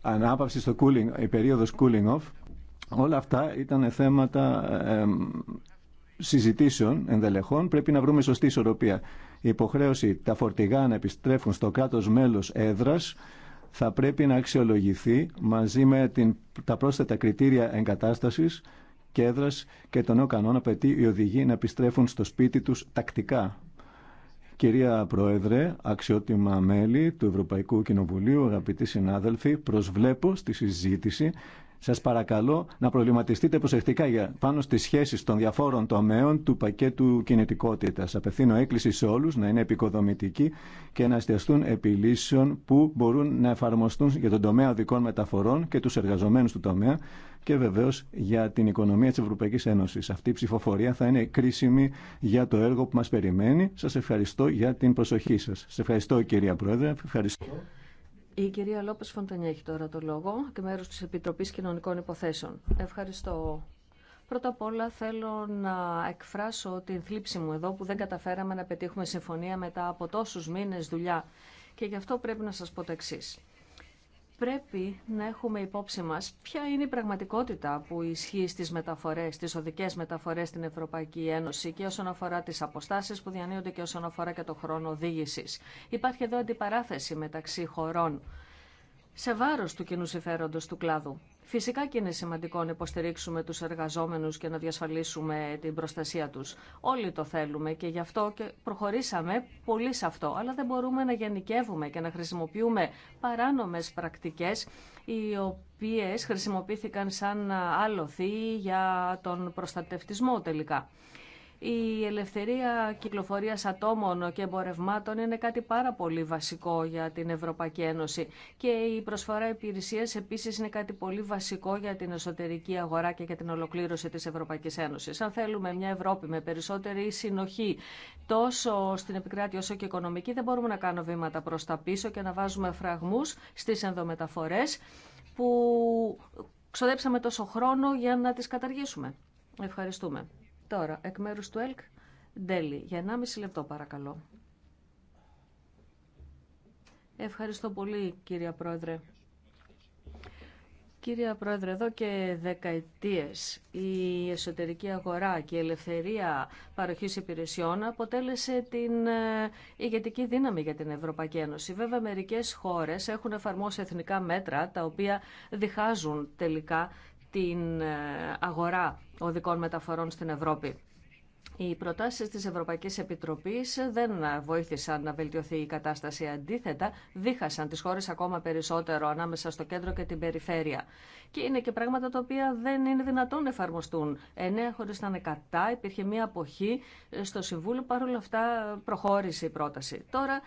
ανάπαυση στο cooling, η περίοδος cooling off, όλα αυτά ήταν θέματα συζητήσεων ενδελεχών. Πρέπει να βρούμε σωστή ισορροπία. Η υποχρέωση τα φορτηγά να επιστρέφουν στο κράτος μέλος έδρας θα πρέπει να αξιολογηθεί μαζί με την, τα πρόσθετα κριτήρια εγκατάστασης και έδρας και τον νέο κανόνα απαιτεί οι οδηγοί να επιστρέφουν στο σπίτι τους τακτικά. Κυρία Πρόεδρε, αξιότιμα μέλη του Ευρωπαϊκού Κοινοβουλίου, αγαπητοί συνάδελφοι, προσβλέπω στη συζήτηση. Σας παρακαλώ να προβληματιστείτε προσεκτικά για πάνω στι σχέσεις των διαφόρων τομέων του πακέτου κινητικότητας. Απευθύνω έκκληση σε όλους να είναι επικοδομητικοί και να εστιαστούν επιλύσεων που μπορούν να εφαρμοστούν για τον τομέα οδικών μεταφορών και του εργαζομένου του τομέα και βεβαίω για την οικονομία τη Ευρωπαϊκή Ένωση. Αυτή η ψηφοφορία θα είναι κρίσιμη για το έργο που μα περιμένει. Σα ευχαριστώ για την προσοχή σα. Σας ευχαριστώ κυρία Πρόεδρε. Ευχαριστώ. Η κυρία Λόπε Φοντανιά έχει τώρα το λόγο και μέρος τη Επιτροπή Κοινωνικών Υποθέσεων. Ευχαριστώ. Πρώτα απ' όλα θέλω να εκφράσω την θλίψη μου εδώ που δεν καταφέραμε να πετύχουμε συμφωνία μετά από τόσους μήνες δουλειά και γι' αυτό πρέπει να σας πω το πρέπει να έχουμε υπόψη μας ποια είναι η πραγματικότητα που ισχύει στις μεταφορές, στις οδικές μεταφορές στην Ευρωπαϊκή Ένωση και όσον αφορά τις αποστάσεις που διανύονται και όσον αφορά και το χρόνο οδήγησης. Υπάρχει εδώ αντιπαράθεση μεταξύ χωρών σε βάρο του κοινού συμφέροντο του κλάδου. Φυσικά και είναι σημαντικό να υποστηρίξουμε του εργαζόμενου και να διασφαλίσουμε την προστασία τους. Όλοι το θέλουμε και γι' αυτό και προχωρήσαμε πολύ σε αυτό. Αλλά δεν μπορούμε να γενικεύουμε και να χρησιμοποιούμε παράνομες πρακτικές οι οποίες χρησιμοποιήθηκαν σαν άλοθη για τον προστατευτισμό τελικά. Η ελευθερία κυκλοφορίας ατόμων και εμπορευμάτων είναι κάτι πάρα πολύ βασικό για την Ευρωπαϊκή Ένωση και η προσφορά υπηρεσία επίσης είναι κάτι πολύ βασικό για την εσωτερική αγορά και για την ολοκλήρωση της Ευρωπαϊκής Ένωσης. Αν θέλουμε μια Ευρώπη με περισσότερη συνοχή τόσο στην επικράτεια όσο και οικονομική δεν μπορούμε να κάνουμε βήματα προς τα πίσω και να βάζουμε φραγμούς στις ενδομεταφορές που ξοδέψαμε τόσο χρόνο για να τις καταργήσουμε. Ευχαριστούμε. Τώρα, εκ μέρους του ΕΛΚ, Ντέλη, για 1,5 λεπτό παρακαλώ. Ευχαριστώ πολύ, κυρία Πρόεδρε. Κυρία Πρόεδρε, εδώ και δεκαετίες η εσωτερική αγορά και η ελευθερία παροχής υπηρεσιών αποτέλεσε την ε, ηγετική δύναμη για την Ευρωπαϊκή Ένωση. Βέβαια, μερικές χώρες έχουν εφαρμόσει εθνικά μέτρα τα οποία διχάζουν τελικά την ε, αγορά οδικών μεταφορών στην Ευρώπη. Οι προτάσεις της Ευρωπαϊκής Επιτροπής δεν βοήθησαν να βελτιωθεί η κατάσταση. Αντίθετα, δίχασαν τις χώρες ακόμα περισσότερο ανάμεσα στο κέντρο και την περιφέρεια. Και είναι και πράγματα τα οποία δεν είναι δυνατόν να εφαρμοστούν. Εννέα χωρίς είναι κατά, υπήρχε μία αποχή στο Συμβούλιο, παρόλα αυτά προχώρησε η πρόταση. Τώρα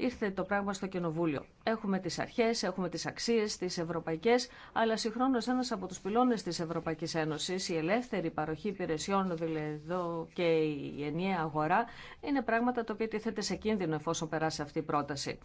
ήρθε το πράγμα στο Κοινοβούλιο. Έχουμε τις αρχές, έχουμε τις αξίες, τις ευρωπαϊκές, αλλά συγχρόνως ένας από τους πυλώνες της Ευρωπαϊκής Ένωσης, η ελεύθερη παροχή υπηρεσιών δηλαδή και η ενιαία αγορά, είναι πράγματα τα οποία τίθεται σε κίνδυνο εφόσον περάσει αυτή η πρόταση.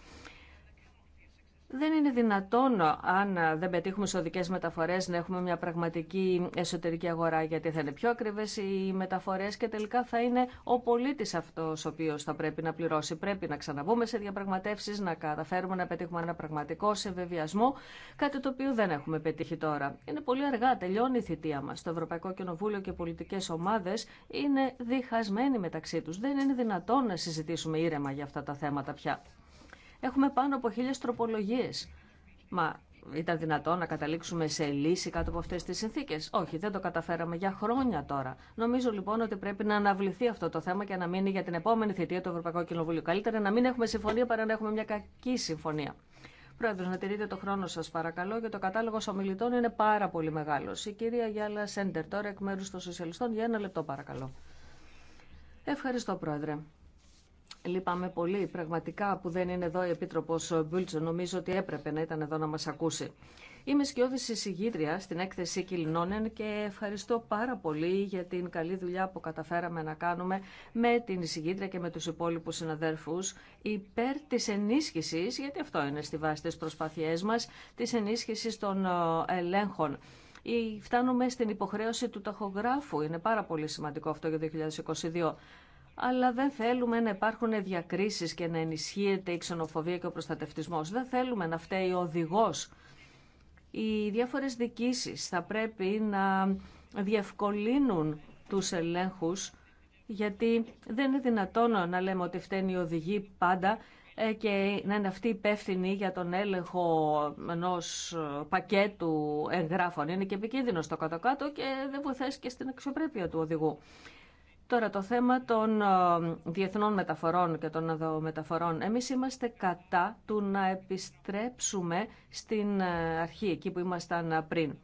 Δεν είναι δυνατόν, αν δεν πετύχουμε σε οδικέ μεταφορέ, να έχουμε μια πραγματική εσωτερική αγορά, γιατί θα είναι πιο ακριβέ οι μεταφορέ και τελικά θα είναι ο πολίτη αυτό ο οποίο θα πρέπει να πληρώσει. Πρέπει να ξαναβούμε σε διαπραγματεύσει, να καταφέρουμε να πετύχουμε ένα πραγματικό σεβεβιασμό, κάτι το οποίο δεν έχουμε πετύχει τώρα. Είναι πολύ αργά, τελειώνει η θητεία μα. Το Ευρωπαϊκό Κοινοβούλιο και οι πολιτικέ ομάδε είναι διχασμένοι μεταξύ του. Δεν είναι δυνατόν να συζητήσουμε ήρεμα για αυτά τα θέματα πια. Έχουμε πάνω από χίλιε τροπολογίε. Μα ήταν δυνατό να καταλήξουμε σε λύση κάτω από αυτέ τι συνθήκε. Όχι, δεν το καταφέραμε για χρόνια τώρα. Νομίζω λοιπόν ότι πρέπει να αναβληθεί αυτό το θέμα και να μείνει για την επόμενη θητεία του Ευρωπαϊκού Κοινοβουλίου. Καλύτερα να μην έχουμε συμφωνία παρά να έχουμε μια κακή συμφωνία. Πρόεδρο, να τηρείτε το χρόνο σα, παρακαλώ, γιατί ο κατάλογο ομιλητών είναι πάρα πολύ μεγάλο. Η κυρία Γιάλα Σέντερ, τώρα εκ μέρου των Σοσιαλιστών, για ένα λεπτό, παρακαλώ. Ευχαριστώ, Πρόεδρε. Λυπάμαι πολύ πραγματικά που δεν είναι εδώ η Επίτροπος Μπούλτσο. Νομίζω ότι έπρεπε να ήταν εδώ να μας ακούσει. Είμαι σκιώδης εισηγήτρια στην έκθεση Κιλνόνεν και ευχαριστώ πάρα πολύ για την καλή δουλειά που καταφέραμε να κάνουμε με την εισηγήτρια και με τους υπόλοιπους συναδέρφους υπέρ της ενίσχυσης, γιατί αυτό είναι στη βάση της προσπάθειές μας, της ενίσχυσης των ε, ελέγχων φτάνουμε στην υποχρέωση του ταχογράφου. Είναι πάρα πολύ σημαντικό αυτό για το 2022 αλλά δεν θέλουμε να υπάρχουν διακρίσεις και να ενισχύεται η ξενοφοβία και ο προστατευτισμός. Δεν θέλουμε να φταίει ο οδηγός. Οι διάφορες δικήσεις θα πρέπει να διευκολύνουν τους ελέγχους, γιατί δεν είναι δυνατόν να λέμε ότι φταίνει η οδηγή πάντα ε, και να είναι αυτή υπεύθυνη για τον έλεγχο ενό πακέτου εγγράφων. Είναι και επικίνδυνο στο κάτω-κάτω και δεν βοηθάει και στην αξιοπρέπεια του οδηγού. Τώρα το θέμα των ε, διεθνών μεταφορών και των αδομεταφορών. Εμείς είμαστε κατά του να επιστρέψουμε στην ε, αρχή, εκεί που ήμασταν ε, πριν.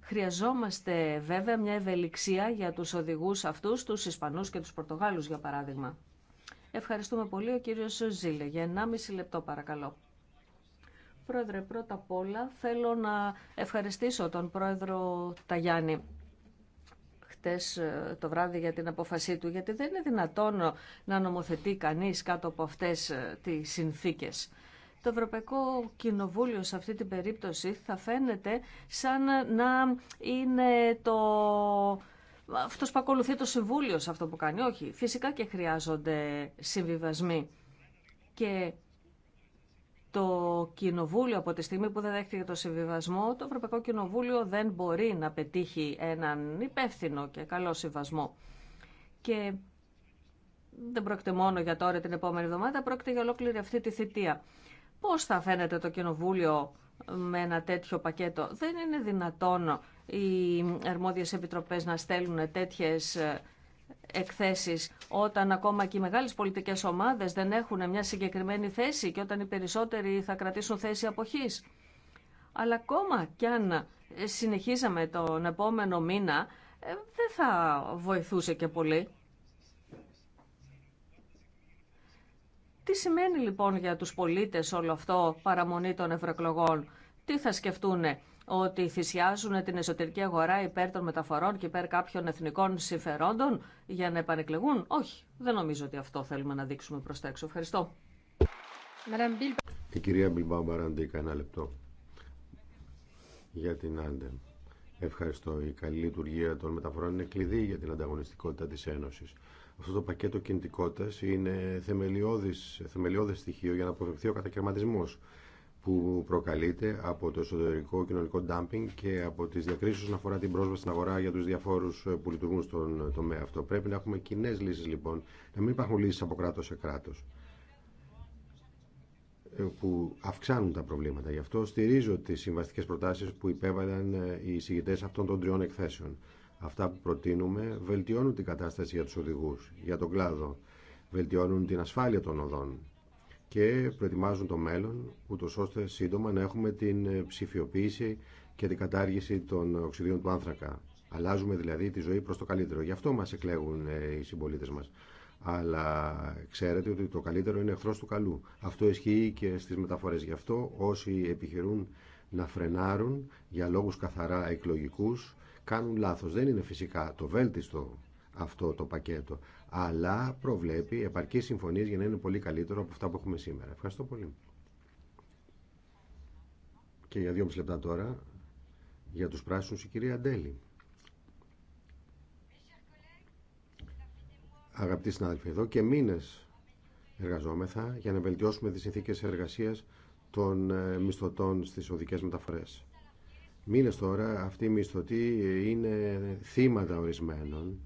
Χρειαζόμαστε βέβαια μια ευελιξία για τους οδηγούς αυτούς, τους Ισπανούς και τους Πορτογάλους για παράδειγμα. Ευχαριστούμε πολύ ο κύριος Ζήλε. Για 1,5 λεπτό παρακαλώ. Πρόεδρε, πρώτα απ' όλα θέλω να ευχαριστήσω τον πρόεδρο Ταγιάννη χτες ε, το βράδυ για την αποφασή του, γιατί δεν είναι δυνατόν να νομοθετεί κανείς κάτω από αυτές ε, τις συνθήκες. Το Ευρωπαϊκό Κοινοβούλιο σε αυτή την περίπτωση θα φαίνεται σαν να είναι το... αυτός που ακολουθεί το Συμβούλιο σε αυτό που κάνει. Όχι, φυσικά και χρειάζονται συμβιβασμοί. Και το Κοινοβούλιο από τη στιγμή που δεν δέχτηκε το συμβιβασμό, το Ευρωπαϊκό Κοινοβούλιο δεν μπορεί να πετύχει έναν υπεύθυνο και καλό συμβασμό. Και δεν πρόκειται μόνο για τώρα την επόμενη εβδομάδα, πρόκειται για ολόκληρη αυτή τη θητεία. Πώς θα φαίνεται το Κοινοβούλιο με ένα τέτοιο πακέτο. Δεν είναι δυνατόν οι αρμόδιες επιτροπές να στέλνουν τέτοιες εκθέσεις όταν ακόμα και οι μεγάλες πολιτικές ομάδες δεν έχουν μια συγκεκριμένη θέση και όταν οι περισσότεροι θα κρατήσουν θέση αποχής. Αλλά ακόμα κι αν συνεχίζαμε τον επόμενο μήνα ε, δεν θα βοηθούσε και πολύ. Τι σημαίνει λοιπόν για τους πολίτες όλο αυτό παραμονή των ευρωεκλογών. Τι θα σκεφτούνε ότι θυσιάζουν την εσωτερική αγορά υπέρ των μεταφορών και υπέρ κάποιων εθνικών συμφερόντων για να επανεκλεγούν. Όχι, δεν νομίζω ότι αυτό θέλουμε να δείξουμε προ τα έξω. Ευχαριστώ. Η κυρία Μπιλμπάου Μπαραντίκα, ένα λεπτό. Για την Άντε. Ευχαριστώ. Η καλή λειτουργία των μεταφορών είναι κλειδί για την ανταγωνιστικότητα τη Ένωση. Αυτό το πακέτο κινητικότητα είναι θεμελιώδη στοιχείο για να αποφευθεί ο κατακαιρματισμό που προκαλείται από το εσωτερικό κοινωνικό ντάμπινγκ και από τις διακρίσεις όσον αφορά την πρόσβαση στην αγορά για τους διαφόρους ε, που λειτουργούν στον ε, τομέα αυτό. Πρέπει να έχουμε κοινέ λύσεις λοιπόν, να μην υπάρχουν λύσεις από κράτος σε κράτος ε, που αυξάνουν τα προβλήματα. Γι' αυτό στηρίζω τις συμβαστικές προτάσεις που υπέβαλαν οι εισηγητές αυτών των τριών εκθέσεων. Αυτά που προτείνουμε βελτιώνουν την κατάσταση για τους οδηγούς, για τον κλάδο, βελτιώνουν την ασφάλεια των οδών, και προετοιμάζουν το μέλλον, ούτω ώστε σύντομα να έχουμε την ε, ψηφιοποίηση και την κατάργηση των οξυδίων του άνθρακα. Αλλάζουμε δηλαδή τη ζωή προς το καλύτερο. Γι' αυτό μας εκλέγουν ε, οι συμπολίτε μας. Αλλά ξέρετε ότι το καλύτερο είναι εχθρό του καλού. Αυτό ισχύει και στις μεταφορές. Γι' αυτό όσοι επιχειρούν να φρενάρουν για λόγου καθαρά εκλογικού, κάνουν λάθο. Δεν είναι φυσικά το βέλτιστο αυτό το πακέτο. Αλλά προβλέπει επαρκή συμφωνίες για να είναι πολύ καλύτερο από αυτά που έχουμε σήμερα. Ευχαριστώ πολύ. Και για δύο λεπτά τώρα για τους πράσινους η κυρία Αντέλη. Αγαπητοί συνάδελφοι, εδώ και μήνες εργαζόμεθα για να βελτιώσουμε τις συνθήκες εργασίας των ε, μισθωτών στις οδικές μεταφορές. Μήνες τώρα αυτοί οι μισθωτοί είναι θύματα ορισμένων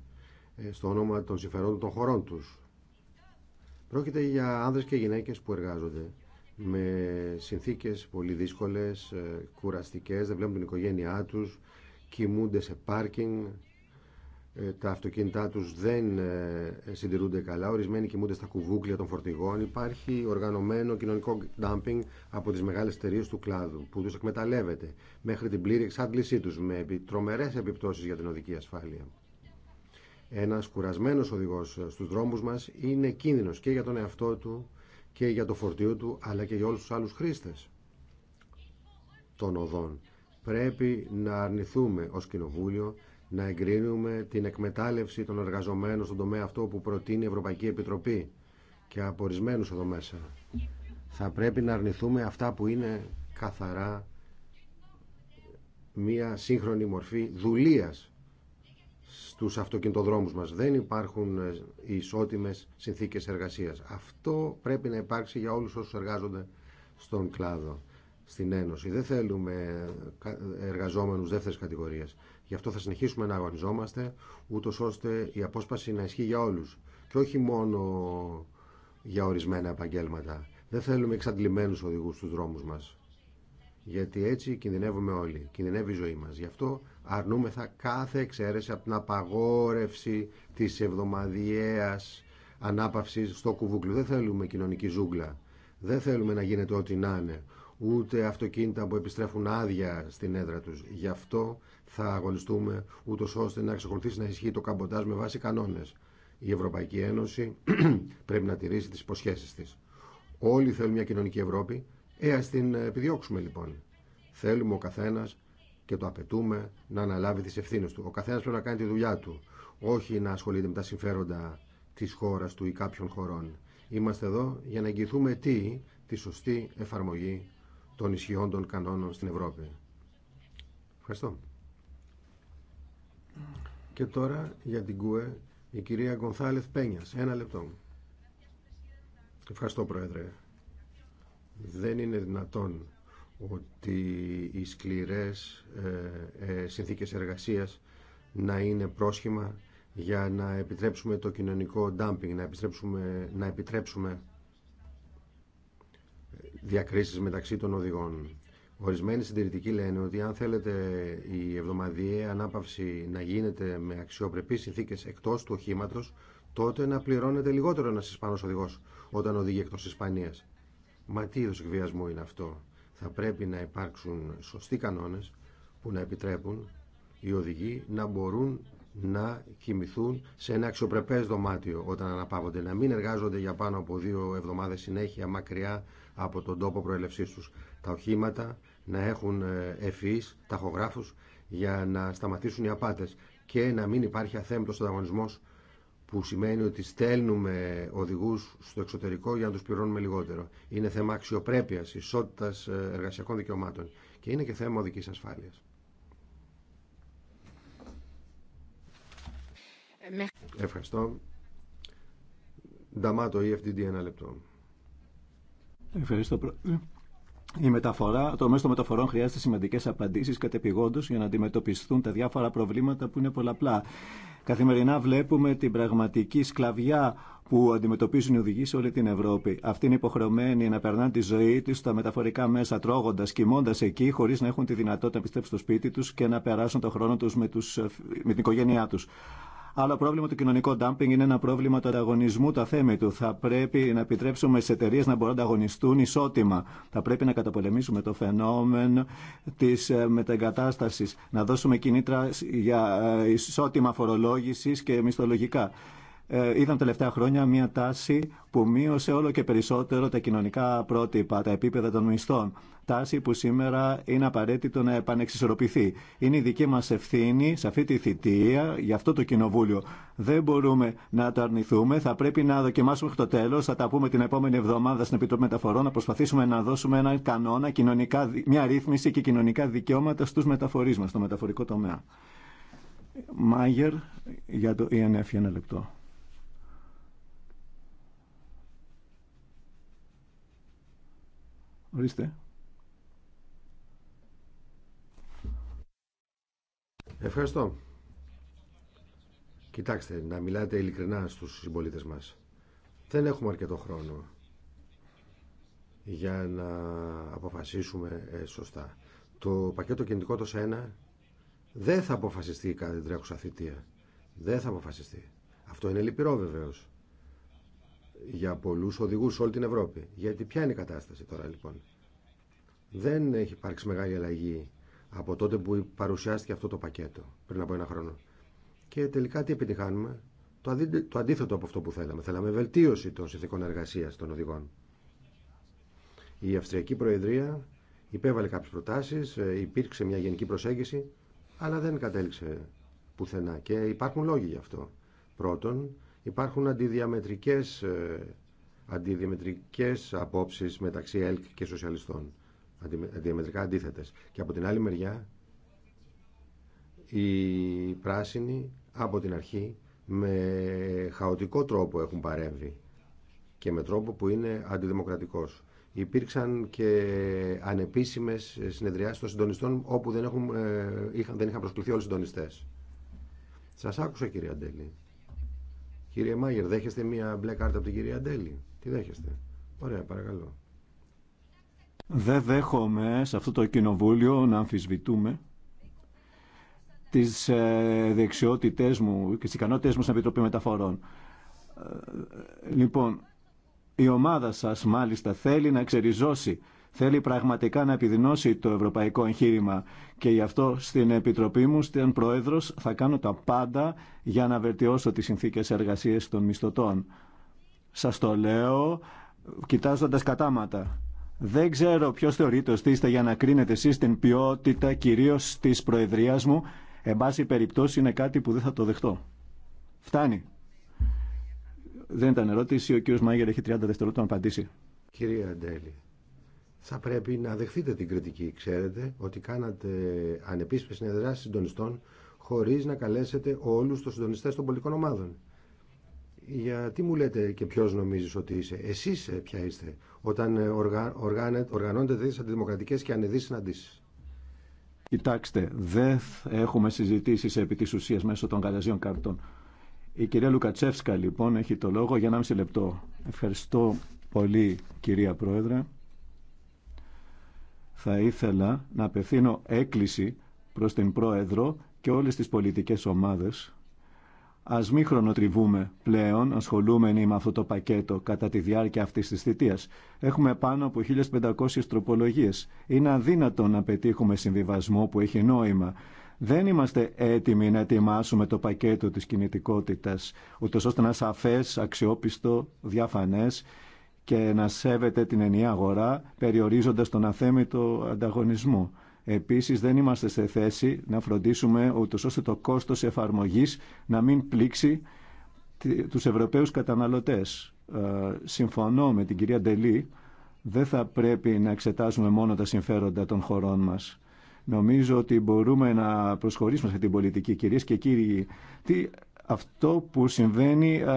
ε, στο όνομα των συμφερόντων των χωρών τους. Πρόκειται για άνδρες και γυναίκες που εργάζονται με συνθήκες πολύ δύσκολες, ε, κουραστικές, δεν βλέπουν την οικογένειά τους, κοιμούνται σε πάρκινγκ, ε, τα αυτοκίνητά τους δεν συντηρούνται καλά, ορισμένοι κοιμούνται στα κουβούκλια των φορτηγών, υπάρχει οργανωμένο κοινωνικό ντάμπινγκ από τις μεγάλες εταιρείε του κλάδου που τους εκμεταλλεύεται μέχρι την πλήρη εξάντλησή του με τρομερές επιπτώσει για την οδική ασφάλεια. Ένας κουρασμένος οδηγό ε, στους δρόμους μας είναι κίνδυνος και για τον εαυτό του και για το φορτίο του αλλά και για όλους τους άλλους χρήστε. των οδών. Πρέπει να αρνηθούμε ω Κοινοβούλιο να εγκρίνουμε την εκμετάλλευση των εργαζομένων στον τομέα αυτό που προτείνει η Ευρωπαϊκή Επιτροπή και από εδώ μέσα. Θα πρέπει να αρνηθούμε αυτά που είναι καθαρά μία σύγχρονη μορφή δουλείας στους αυτοκινητοδρόμους μας. Δεν υπάρχουν ε, ισότιμες συνθήκες εργασίας. Αυτό πρέπει να υπάρξει για όλους όσους εργάζονται στον κλάδο, στην Ένωση. Δεν θέλουμε ε, εργαζόμενους δεύτερης κατηγορίας. Γι' αυτό θα συνεχίσουμε να αγωνιζόμαστε, ούτω ώστε η απόσπαση να ισχύει για όλους και όχι μόνο για ορισμένα επαγγέλματα. Δεν θέλουμε εξαντλημένους οδηγούς στους δρόμους μας γιατί έτσι κινδυνεύουμε όλοι, κινδυνεύει η ζωή μα. Γι' αυτό αρνούμεθα κάθε εξαίρεση από την απαγόρευση τη εβδομαδιαία ανάπαυση στο κουβούκλου. Δεν θέλουμε κοινωνική ζούγκλα. Δεν θέλουμε να γίνεται ό,τι να είναι. Ούτε αυτοκίνητα που επιστρέφουν άδεια στην έδρα του. Γι' αυτό θα αγωνιστούμε ούτω ώστε να εξακολουθήσει να ισχύει το καμποτάζ με βάση κανόνε. Η Ευρωπαϊκή Ένωση *clears throat* πρέπει να τηρήσει τι υποσχέσει τη. Όλοι θέλουν μια κοινωνική Ευρώπη ε, ας την ε, επιδιώξουμε λοιπόν. Θέλουμε ο καθένας και το απαιτούμε να αναλάβει τις ευθύνες του. Ο καθένας πρέπει να κάνει τη δουλειά του, όχι να ασχολείται με τα συμφέροντα τη χώρα του ή κάποιων χωρών. Είμαστε εδώ για να εγγυηθούμε τι, τη σωστή εφαρμογή των ισχυών των κανόνων στην Ευρώπη. Ευχαριστώ. Και τώρα για την ΚΟΕ η κυρία Γκονθάλεθ Πένιας. Ένα λεπτό. Ευχαριστώ Πρόεδρε. Δεν είναι δυνατόν ότι οι σκληρές ε, ε, συνθήκες εργασίας να είναι πρόσχημα για να επιτρέψουμε το κοινωνικό ντάμπινγκ, να επιτρέψουμε, να επιτρέψουμε διακρίσεις μεταξύ των οδηγών. Ορισμένοι συντηρητικοί λένε ότι αν θέλετε η εβδομαδιαία ανάπαυση να γίνεται με αξιοπρεπείς συνθήκες εκτός του οχήματο, τότε να πληρώνετε λιγότερο ένας Ισπανός οδηγός όταν οδηγεί εκτός Ισπανίας. Μα τι είδο εκβιασμού είναι αυτό. Θα πρέπει να υπάρξουν σωστοί κανόνε που να επιτρέπουν οι οδηγοί να μπορούν να κοιμηθούν σε ένα αξιοπρεπέ δωμάτιο όταν αναπαύονται. Να μην εργάζονται για πάνω από δύο εβδομάδε συνέχεια μακριά από τον τόπο προέλευσή του. Τα οχήματα να έχουν ε, ευφυεί ταχογράφου για να σταματήσουν οι απάτε και να μην υπάρχει αθέμητο ανταγωνισμό που σημαίνει ότι στέλνουμε οδηγούς στο εξωτερικό για να τους πληρώνουμε λιγότερο. Είναι θέμα αξιοπρέπειας, ισότητας ε, εργασιακών δικαιωμάτων και είναι και θέμα οδικής ασφάλειας. Ευχαριστώ. Νταμάτο, EFTD, ένα λεπτό. Ευχαριστώ, η μεταφορά, το μέσο των μεταφορών χρειάζεται σημαντικέ απαντήσει κατεπηγόντω για να αντιμετωπιστούν τα διάφορα προβλήματα που είναι πολλαπλά. Καθημερινά βλέπουμε την πραγματική σκλαβιά που αντιμετωπίζουν οι οδηγοί σε όλη την Ευρώπη. Αυτοί είναι υποχρεωμένοι να περνάνε τη ζωή του στα μεταφορικά μέσα, τρώγοντα, κοιμώντα εκεί, χωρί να έχουν τη δυνατότητα να επιστρέψουν στο σπίτι του και να περάσουν τον χρόνο του με, με την οικογένειά του. Άλλο πρόβλημα του κοινωνικού ντάμπινγκ είναι ένα πρόβλημα του ανταγωνισμού, τα θέμη του. Θα πρέπει να επιτρέψουμε στι εταιρείε να μπορούν να ανταγωνιστούν ισότιμα. Θα πρέπει να καταπολεμήσουμε το φαινόμενο τη ε, μεταγκατάσταση, να δώσουμε κινήτρα για ε, ισότιμα φορολόγηση και μισθολογικά. Ε, είδαμε τελευταία χρόνια μια τάση που μείωσε όλο και περισσότερο τα κοινωνικά πρότυπα, τα επίπεδα των μισθών. Τάση που σήμερα είναι απαραίτητο να επανεξισορροπηθεί. Είναι η δική μα ευθύνη σε αυτή τη θητεία, για αυτό το κοινοβούλιο. Δεν μπορούμε να το αρνηθούμε, θα πρέπει να δοκιμάσουμε το τέλο, θα τα πούμε την επόμενη εβδομάδα στην Επιτροπή Μεταφορών, να προσπαθήσουμε να δώσουμε έναν κανόνα, κοινωνικά, μια ρύθμιση και κοινωνικά δικαιώματα στου μεταφορεί μα στο μεταφορικό τομέα. Μάγερ για το ENF για ένα λεπτό. Ορίστε. Ευχαριστώ. Κοιτάξτε, να μιλάτε ειλικρινά στους συμπολίτε μας. Δεν έχουμε αρκετό χρόνο για να αποφασίσουμε ε, σωστά. Το πακέτο κινητικό το 1 δεν θα αποφασιστεί κατά την τρέχουσα θητεία. Δεν θα αποφασιστεί. Αυτό είναι λυπηρό βεβαίως για πολλού οδηγού σε όλη την Ευρώπη. Γιατί ποια είναι η κατάσταση τώρα λοιπόν. Δεν έχει υπάρξει μεγάλη αλλαγή από τότε που παρουσιάστηκε αυτό το πακέτο πριν από ένα χρόνο. Και τελικά τι επιτυχάνουμε. Το αντίθετο από αυτό που θέλαμε. Θέλαμε βελτίωση των συνθήκων εργασία των οδηγών. Η Αυστριακή Προεδρία υπέβαλε κάποιε προτάσει, ε, υπήρξε μια γενική προσέγγιση, αλλά δεν κατέληξε πουθενά. Και υπάρχουν λόγοι γι' αυτό. Πρώτον, Υπάρχουν αντιδιαμετρικές, ε, αντιδιαμετρικές απόψεις μεταξύ ΕΛΚ και σοσιαλιστών. Αντιδιαμετρικά αντίθετες. Και από την άλλη μεριά, οι πράσινοι από την αρχή με χαοτικό τρόπο έχουν παρέμβει και με τρόπο που είναι αντιδημοκρατικός. Υπήρξαν και ανεπίσημες συνεδριάσεις των συντονιστών όπου δεν, έχουν, ε, είχαν, δεν είχαν προσκληθεί όλοι οι συντονιστές. Σας άκουσα κύριε Αντέλη Κύριε Μάγερ, δέχεστε μία μπλε κάρτα από την κυρία Ντέλη. Τι δέχεστε. Ωραία, παρακαλώ. Δεν δέχομαι σε αυτό το κοινοβούλιο να αμφισβητούμε τις ε, δεξιότητές μου και τις ικανότητές μου στην Επιτροπή Μεταφορών. Ε, λοιπόν, η ομάδα σας μάλιστα θέλει να ξεριζώσει Θέλει πραγματικά να επιδεινώσει το ευρωπαϊκό εγχείρημα και γι' αυτό στην Επιτροπή μου, στην προεδρο, θα κάνω τα πάντα για να βελτιώσω τι συνθήκε εργασίας των μισθωτών. Σα το λέω κοιτάζοντα κατάματα. Δεν ξέρω ποιο θεωρείτε ότι είστε για να κρίνετε εσεί την ποιότητα κυρίω τη Προεδρία μου. Εν πάση περιπτώσει είναι κάτι που δεν θα το δεχτώ. Φτάνει. Δεν ήταν ερώτηση. Ο κύριος Μάγερ έχει 30 δευτερόλεπτα να απαντήσει. Κυρία Αντέλη, θα πρέπει να δεχθείτε την κριτική. Ξέρετε ότι κάνατε ανεπίσπες συνεδράσεις συντονιστών χωρίς να καλέσετε όλους τους συντονιστές των πολιτικών ομάδων. Γιατί μου λέτε και ποιος νομίζεις ότι είσαι. Εσείς ε, ποια είστε όταν ε, οργανώνετε οργανώνετε τέτοιες αντιδημοκρατικές και ανεδείς συναντήσεις. Κοιτάξτε, δεν έχουμε συζητήσει επί τη ουσία μέσω των καλαζίων καρτών. Η κυρία Λουκατσεύσκα λοιπόν έχει το λόγο για 1,5 λεπτό. Ευχαριστώ πολύ κυρία Πρόεδρε θα ήθελα να απευθύνω έκκληση προς την Πρόεδρο και όλες τις πολιτικές ομάδες. Ας μη χρονοτριβούμε πλέον ασχολούμενοι με αυτό το πακέτο κατά τη διάρκεια αυτής της θητείας. Έχουμε πάνω από 1500 τροπολογίες. Είναι αδύνατο να πετύχουμε συμβιβασμό που έχει νόημα. Δεν είμαστε έτοιμοι να ετοιμάσουμε το πακέτο της κινητικότητας, ούτως ώστε να σαφές, αξιόπιστο, διαφανές και να σέβεται την ενιαία αγορά περιορίζοντας τον αθέμητο ανταγωνισμό. Επίσης δεν είμαστε σε θέση να φροντίσουμε ούτως ώστε το κόστος εφαρμογής να μην πλήξει τους Ευρωπαίους καταναλωτές. Ε, συμφωνώ με την κυρία Ντελή, δεν θα πρέπει να εξετάζουμε μόνο τα συμφέροντα των χωρών μας. Νομίζω ότι μπορούμε να προσχωρήσουμε σε την πολιτική. Κυρίες και κύριοι, τι αυτό που συμβαίνει ε,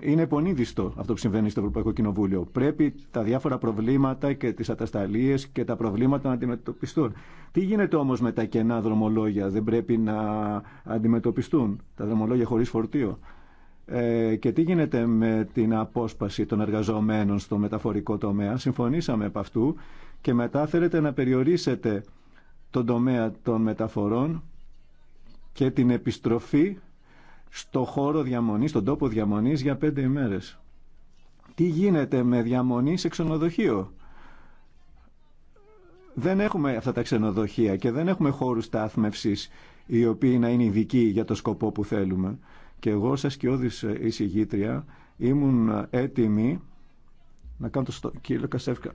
είναι πονίδιστο αυτό που συμβαίνει στο Ευρωπαϊκό Κοινοβούλιο. Πρέπει τα διάφορα προβλήματα και τις ατασταλίες και τα προβλήματα να αντιμετωπιστούν. Τι γίνεται όμως με τα κενά δρομολόγια, δεν πρέπει να αντιμετωπιστούν τα δρομολόγια χωρίς φορτίο. Ε, και τι γίνεται με την απόσπαση των εργαζομένων στο μεταφορικό τομέα. Συμφωνήσαμε από αυτού και μετά θέλετε να περιορίσετε τον τομέα των μεταφορών και την επιστροφή στο χώρο διαμονής, στον τόπο διαμονής για πέντε ημέρες. Τι γίνεται με διαμονή σε ξενοδοχείο. Δεν έχουμε αυτά τα ξενοδοχεία και δεν έχουμε χώρου στάθμευση οι οποίοι να είναι ειδικοί για το σκοπό που θέλουμε. Και εγώ σα και όδης εισηγήτρια ήμουν έτοιμη να κάνω το στο... Κύριο Κασεύκα,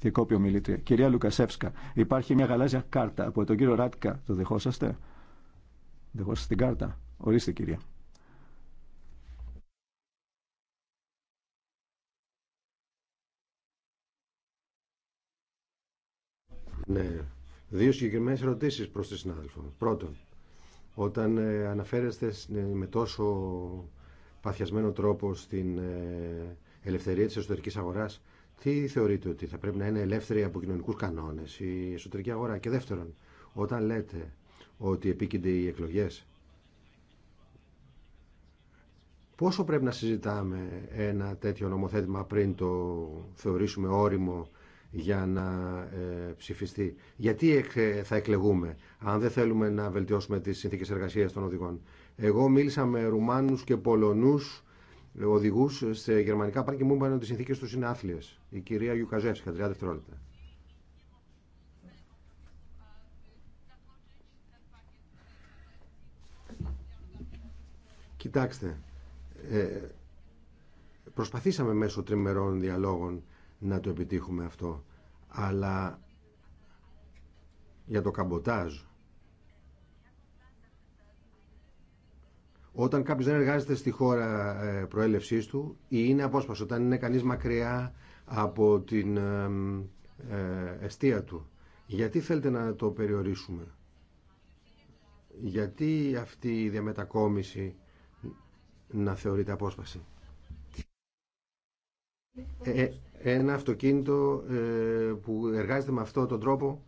Διακόπη ομιλήτρια. Κυρία Λουκασεύσκα, υπάρχει μια γαλάζια κάρτα από τον κύριο Ράτκα. Το δεχόσαστε. Δεχόσαστε την κάρτα. Ορίστε κυρία. Ναι. Δύο συγκεκριμένε ερωτήσει προ τη συνάδελφο. Πρώτον, όταν ε, αναφέρεστε ε, με τόσο παθιασμένο τρόπο στην ε, ελευθερία της εσωτερικής αγοράς τι θεωρείτε ότι θα πρέπει να είναι ελεύθερη από κοινωνικού κανόνε η εσωτερική αγορά. Και δεύτερον, όταν λέτε ότι επίκυνται οι εκλογέ, πόσο πρέπει να συζητάμε ένα τέτοιο νομοθέτημα πριν το θεωρήσουμε όριμο για να ε, ψηφιστεί. Γιατί ε, θα εκλεγούμε αν δεν θέλουμε να βελτιώσουμε τις συνθήκες εργασίας των οδηγών. Εγώ μίλησα με Ρουμάνους και Πολωνούς οδηγού σε γερμανικά και μου είπαν ότι οι συνθήκε του είναι άθλιε. Η κυρία Γιουκαζεύσκα, 30 δευτερόλεπτα. Κοιτάξτε, ε, προσπαθήσαμε μέσω τριμερών διαλόγων να το επιτύχουμε αυτό, αλλά για το καμποτάζ Όταν κάποιο δεν εργάζεται στη χώρα ε, προέλευσή του ή είναι απόσπαστο, όταν είναι κανεί μακριά από την ε, αιστεία του, γιατί θέλετε να το περιορίσουμε. Γιατί αυτή η διαμετακόμιση να θεωρείται απόσπαση. Ε, ένα αυτοκίνητο που εργάζεται με αυτόν τον τρόπο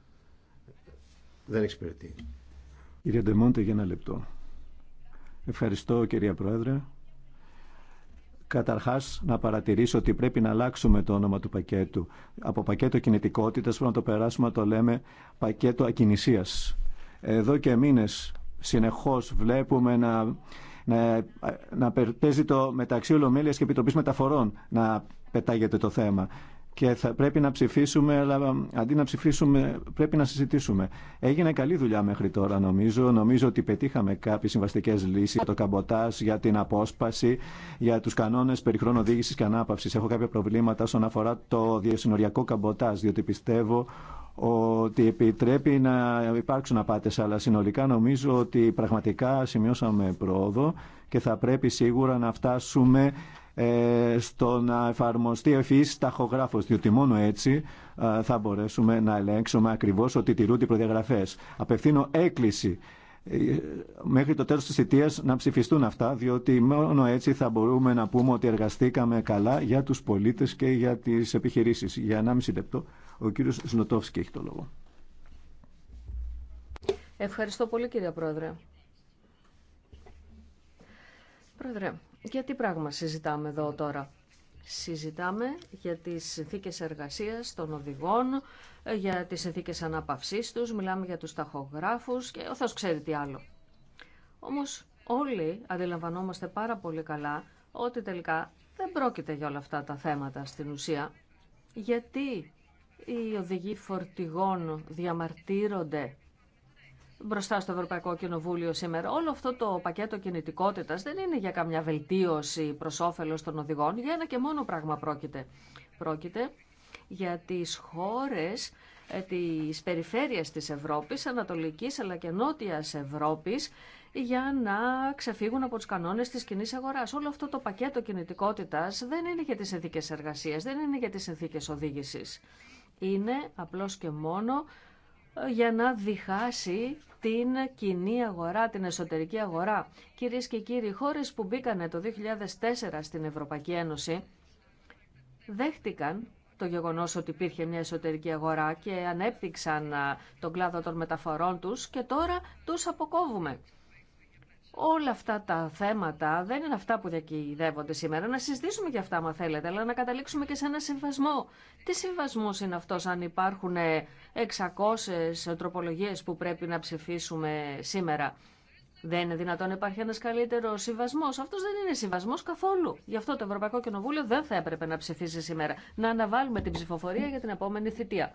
δεν εξυπηρετεί. Κύριε Ντεμόντε, για ένα λεπτό. Ευχαριστώ κυρία Πρόεδρε. Καταρχάς να παρατηρήσω ότι πρέπει να αλλάξουμε το όνομα του πακέτου. Από πακέτο κινητικότητας πρέπει να το περάσουμε να το λέμε πακέτο ακινησίας. Εδώ και μήνες συνεχώς βλέπουμε να, να, να το μεταξύ Ολομέλειας και Επιτροπής Μεταφορών να πετάγεται το θέμα και θα πρέπει να ψηφίσουμε, αλλά αντί να ψηφίσουμε πρέπει να συζητήσουμε. Έγινε καλή δουλειά μέχρι τώρα νομίζω. Νομίζω ότι πετύχαμε κάποιες συμβαστικές λύσεις για το καμποτάζ, για την απόσπαση, για τους κανόνες περί χρόνου οδήγησης και ανάπαυσης. Έχω κάποια προβλήματα όσον αφορά το διασυνοριακό καμποτάζ, διότι πιστεύω ότι επιτρέπει να υπάρξουν απάτες, αλλά συνολικά νομίζω ότι πραγματικά σημειώσαμε πρόοδο και θα πρέπει σίγουρα να φτάσουμε ε, στο να εφαρμοστεί ευφυής ταχογράφος, διότι μόνο έτσι ε, θα μπορέσουμε να ελέγξουμε ακριβώς ότι τηρούνται οι προδιαγραφές. Απευθύνω έκκληση ε, μέχρι το τέλος της θητείας να ψηφιστούν αυτά, διότι μόνο έτσι θα μπορούμε να πούμε ότι εργαστήκαμε καλά για τους πολίτες και για τις επιχειρήσεις. Για 1,5 λεπτό, ο κύριος Σνοτόφσκι έχει το λόγο. Ευχαριστώ πολύ κύριε Πρόεδρε. Πρόεδρε, για τι πράγμα συζητάμε εδώ τώρα. Συζητάμε για τις συνθήκες εργασίας των οδηγών, ε, για τις συνθήκες ανάπαυσής τους, μιλάμε για τους ταχογράφους και ο Θεός ξέρει τι άλλο. Όμως όλοι αντιλαμβανόμαστε πάρα πολύ καλά ότι τελικά δεν πρόκειται για όλα αυτά τα θέματα στην ουσία. Γιατί οι οδηγοί φορτηγών διαμαρτύρονται μπροστά στο Ευρωπαϊκό Κοινοβούλιο σήμερα. Όλο αυτό το πακέτο κινητικότητα δεν είναι για καμιά βελτίωση προ όφελο των οδηγών. Για ένα και μόνο πράγμα πρόκειται. Πρόκειται για τι χώρε ε, τη περιφέρεια τη Ευρώπη, Ανατολική αλλά και Νότια Ευρώπη, για να ξεφύγουν από του κανόνε τη κοινή αγορά. Όλο αυτό το πακέτο κινητικότητα δεν είναι για τι συνθήκε εργασία, δεν είναι για τι συνθήκε οδήγηση. Είναι απλώ και μόνο για να διχάσει την κοινή αγορά, την εσωτερική αγορά. Κυρίες και κύριοι, οι χώρες που μπήκανε το 2004 στην Ευρωπαϊκή Ένωση δέχτηκαν το γεγονός ότι υπήρχε μια εσωτερική αγορά και ανέπτυξαν τον κλάδο των μεταφορών τους και τώρα τους αποκόβουμε όλα αυτά τα θέματα δεν είναι αυτά που διακυδεύονται σήμερα. Να συζητήσουμε και αυτά, αν θέλετε, αλλά να καταλήξουμε και σε ένα συμβασμό. Τι συμβασμό είναι αυτό, αν υπάρχουν 600 τροπολογίε που πρέπει να ψηφίσουμε σήμερα. Δεν είναι δυνατόν να υπάρχει ένα καλύτερο συμβασμό. Αυτό δεν είναι συμβασμό καθόλου. Γι' αυτό το Ευρωπαϊκό Κοινοβούλιο δεν θα έπρεπε να ψηφίσει σήμερα. Να αναβάλουμε την ψηφοφορία για την επόμενη θητεία.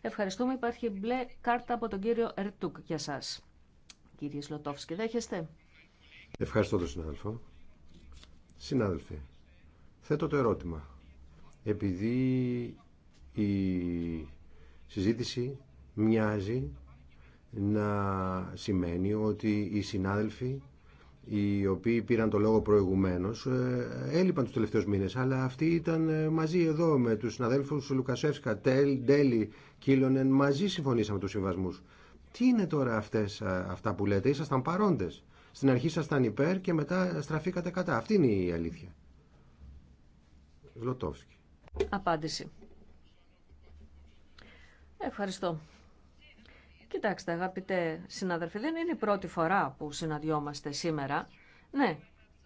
Ευχαριστούμε. Υπάρχει μπλε κάρτα από τον κύριο Ερτούκ για σας. Κύριε Σλοτόφσκι, δέχεστε. Ευχαριστώ τον συνάδελφο. Συνάδελφε, θέτω το ερώτημα. Επειδή η συζήτηση μοιάζει να σημαίνει ότι οι συνάδελφοι οι οποίοι πήραν το λόγο προηγουμένως ε, έλειπαν τους τελευταίους μήνες αλλά αυτοί ήταν ε, μαζί εδώ με του συναδέλφου Λουκασέφσκα, Τέλ, Ντέλη, Κίλονεν, μαζί συμφωνήσαμε τους συμβασμού. Τι είναι τώρα αυτές, ε, αυτά που λέτε, ήσασταν παρόντε. Στην αρχή ήταν υπέρ και μετά στραφήκατε κατά. Αυτή είναι η αλήθεια. Βλωτόφσκι. Απάντηση. Ευχαριστώ. Κοιτάξτε αγαπητέ συναδελφοί, δεν είναι η πρώτη φορά που συναντιόμαστε σήμερα. Ναι,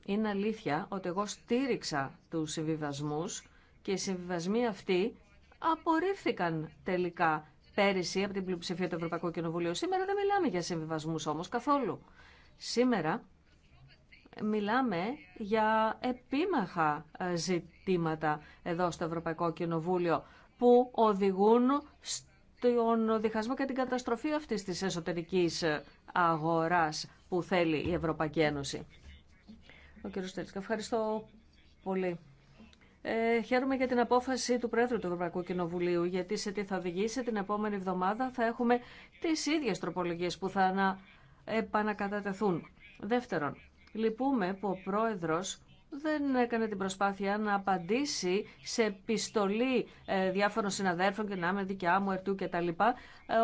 είναι αλήθεια ότι εγώ στήριξα τους συμβιβασμούς και οι συμβιβασμοί αυτοί απορρίφθηκαν τελικά πέρυσι από την πλειοψηφία του Ευρωπαϊκού Κοινοβουλίου. Σήμερα δεν μιλάμε για συμβιβασμούς όμως καθόλου. Σήμερα μιλάμε για επίμαχα ε, ζητήματα εδώ στο Ευρωπαϊκό Κοινοβούλιο που οδηγούν στον διχασμό και την καταστροφή αυτής της εσωτερικής ε, αγοράς που θέλει η Ευρωπαϊκή Ένωση. Ο κ. ευχαριστώ πολύ. Ε, χαίρομαι για την απόφαση του Πρόεδρου του Ευρωπαϊκού Κοινοβουλίου, γιατί σε τι θα οδηγήσει την επόμενη εβδομάδα θα έχουμε τις ίδιες τροπολογίες που θα επανακατατεθούν. Δεύτερον, λυπούμε που ο πρόεδρος δεν έκανε την προσπάθεια να απαντήσει σε επιστολή ε, διάφορων συναδέρφων και να είμαι δικιά μου, ερτού κτλ. Ε,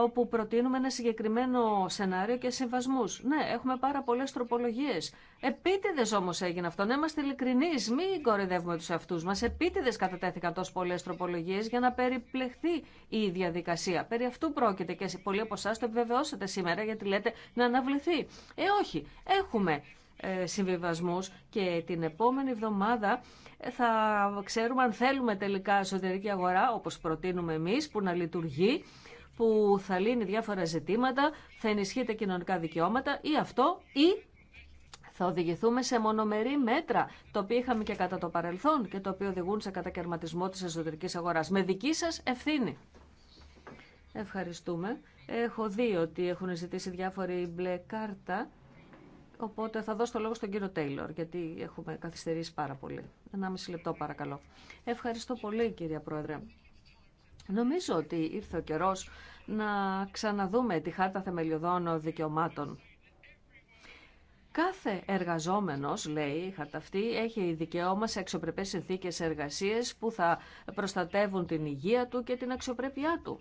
όπου προτείνουμε ένα συγκεκριμένο σενάριο και συμβασμού. Ναι, έχουμε πάρα πολλέ τροπολογίε. Επίτηδε όμω έγινε αυτό. Να είμαστε ειλικρινεί, μην κορυδεύουμε του εαυτού μα. Επίτηδε κατατέθηκαν τόσο πολλέ τροπολογίε για να περιπλεχθεί η διαδικασία. Περί αυτού πρόκειται και πολλοί από εσά το επιβεβαιώσατε σήμερα γιατί λέτε να αναβληθεί. Ε, όχι. Έχουμε ε, συμβιβασμούς και την επόμενη εβδομάδα ε, θα ξέρουμε αν θέλουμε τελικά εσωτερική αγορά όπως προτείνουμε εμείς που να λειτουργεί που θα λύνει διάφορα ζητήματα, θα ενισχύει κοινωνικά δικαιώματα ή αυτό ή θα οδηγηθούμε σε μονομερή μέτρα, το οποίο είχαμε και κατά το παρελθόν και το οποίο οδηγούν σε κατακαιρματισμό της εσωτερικής αγοράς. Με δική σας ευθύνη. Ευχαριστούμε. Έχω δει ότι έχουν ζητήσει διάφοροι μπλε κάρτα. Οπότε θα δώσω το λόγο στον κύριο Τέιλορ, γιατί έχουμε καθυστερήσει πάρα πολύ. Ένα μισή λεπτό παρακαλώ. Ευχαριστώ πολύ κυρία Πρόεδρε. Νομίζω ότι ήρθε ο καιρό να ξαναδούμε τη Χάρτα Θεμελιωδών Δικαιωμάτων. Κάθε εργαζόμενο λέει η χάρτα αυτή, έχει δικαίωμα σε αξιοπρεπέ συνθήκε εργασίες που θα προστατεύουν την υγεία του και την αξιοπρέπειά του.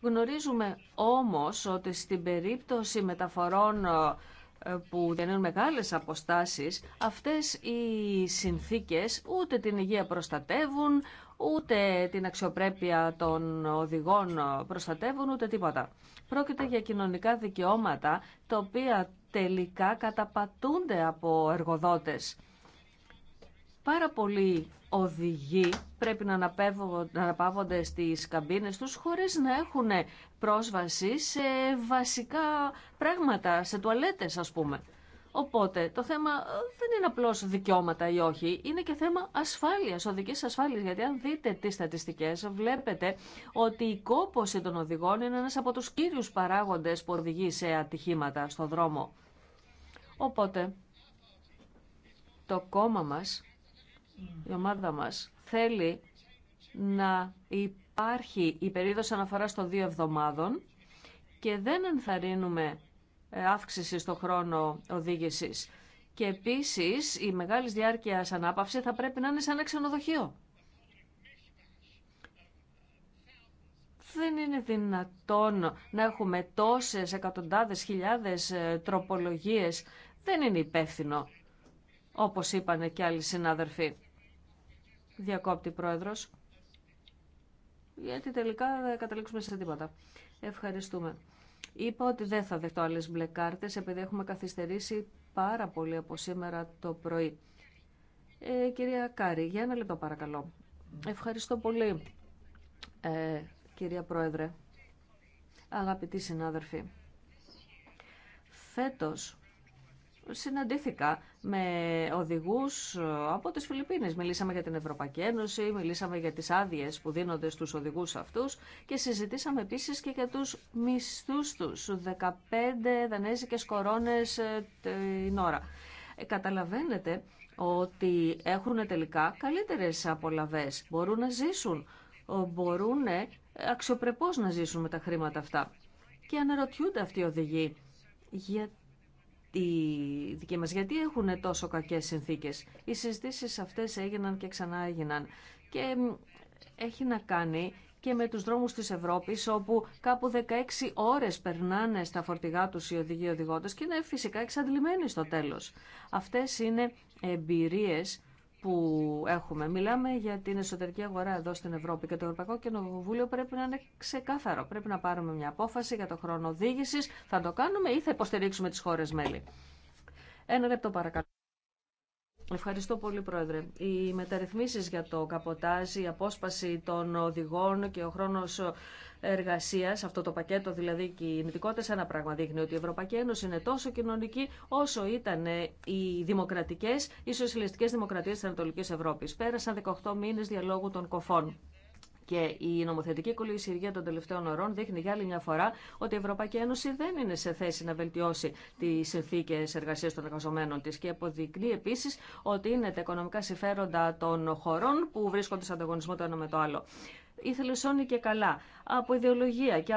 Γνωρίζουμε όμως ότι στην περίπτωση μεταφορών ε, που διανύουν μεγάλες αποστάσεις, αυτές οι συνθήκες ούτε την υγεία προστατεύουν, ούτε την αξιοπρέπεια των οδηγών προστατεύουν, ούτε τίποτα. Πρόκειται για κοινωνικά δικαιώματα, τα οποία τελικά καταπατούνται από εργοδότες. Πάρα πολλοί οδηγοί πρέπει να αναπαύονται στις καμπίνες τους χωρίς να έχουν πρόσβαση σε βασικά πράγματα, σε τουαλέτες ας πούμε. Οπότε το θέμα ε, δεν είναι απλώς δικαιώματα ή όχι, είναι και θέμα ασφάλειας, οδικής ασφάλειας. Γιατί αν δείτε τις στατιστικές βλέπετε ότι η κόπωση των οδηγών είναι ένας από τους κύριους παράγοντες που οδηγεί σε ατυχήματα στον δρόμο. Οπότε το κόμμα μας η ομάδα μας θέλει να υπάρχει η περίοδος αναφοράς των δύο εβδομάδων και δεν ενθαρρύνουμε ε, αύξηση στο χρόνο οδήγησης. Και επίσης η μεγάλη διάρκεια ανάπαυση θα πρέπει να είναι σαν ένα ξενοδοχείο. δεν είναι δυνατόν να έχουμε τόσες εκατοντάδες χιλιάδες ε, τροπολογίες. Δεν είναι υπεύθυνο, όπως είπανε και άλλοι συνάδελφοι. Διακόπτη πρόεδρος. Γιατί τελικά δεν καταλήξουμε σε τίποτα. Ευχαριστούμε. Είπα ότι δεν θα δεχτώ άλλε μπλε κάρτες επειδή έχουμε καθυστερήσει πάρα πολύ από σήμερα το πρωί. Ε, κυρία Κάρη, για ένα λεπτό παρακαλώ. Ευχαριστώ πολύ, ε, κυρία Πρόεδρε. Αγαπητοί συνάδελφοι, φέτος συναντήθηκα με οδηγούς από τις Φιλιππίνες. Μιλήσαμε για την Ευρωπαϊκή Ένωση, μιλήσαμε για τις άδειε που δίνονται στους οδηγούς αυτούς και συζητήσαμε επίσης και για τους μισθούς τους, 15 δανέζικες κορώνες ε, την ώρα. Ε, καταλαβαίνετε ότι έχουν τελικά καλύτερες απολαβές, μπορούν να ζήσουν, μπορούν αξιοπρεπώς να ζήσουν με τα χρήματα αυτά. Και αναρωτιούνται αυτοί οι οδηγοί, γιατί οι δικοί μας. Γιατί έχουν τόσο κακές συνθήκες. Οι συζητήσεις αυτές έγιναν και ξανά έγιναν. Και έχει να κάνει και με τους δρόμους της Ευρώπης όπου κάπου 16 ώρες περνάνε στα φορτηγά τους οι οδηγοί οδηγότες και είναι φυσικά εξαντλημένοι στο τέλος. Αυτές είναι εμπειρίες που έχουμε. Μιλάμε για την εσωτερική αγορά εδώ στην Ευρώπη και το Ευρωπαϊκό Κοινοβούλιο πρέπει να είναι ξεκάθαρο. Πρέπει να πάρουμε μια απόφαση για το χρόνο οδήγηση. Θα το κάνουμε ή θα υποστηρίξουμε τι χώρε μέλη. Ένα λεπτό παρακαλώ. Ευχαριστώ πολύ, Πρόεδρε. Οι μεταρρυθμίσει για το καποτάζ, η απόσπαση των οδηγών και ο χρόνο εργασία, αυτό το πακέτο δηλαδή κινητικότητα, ένα πράγμα δείχνει ότι η Ευρωπαϊκή Ένωση είναι τόσο κοινωνική όσο ήταν οι δημοκρατικέ, οι σοσιαλιστικέ δημοκρατίε τη Ανατολική Ευρώπη. Πέρασαν 18 μήνε διαλόγου των κοφών. Και η νομοθετική κολλησιεργία των τελευταίων ωρών δείχνει για άλλη μια φορά ότι η Ευρωπαϊκή Ένωση δεν είναι σε θέση να βελτιώσει τι συνθήκε εργασία των εργαζομένων τη. Και αποδεικνύει επίση ότι είναι τα οικονομικά συμφέροντα των χωρών που βρίσκονται σε ανταγωνισμό ένα με το άλλο ήθελε σώνει και καλά από ιδεολογία και από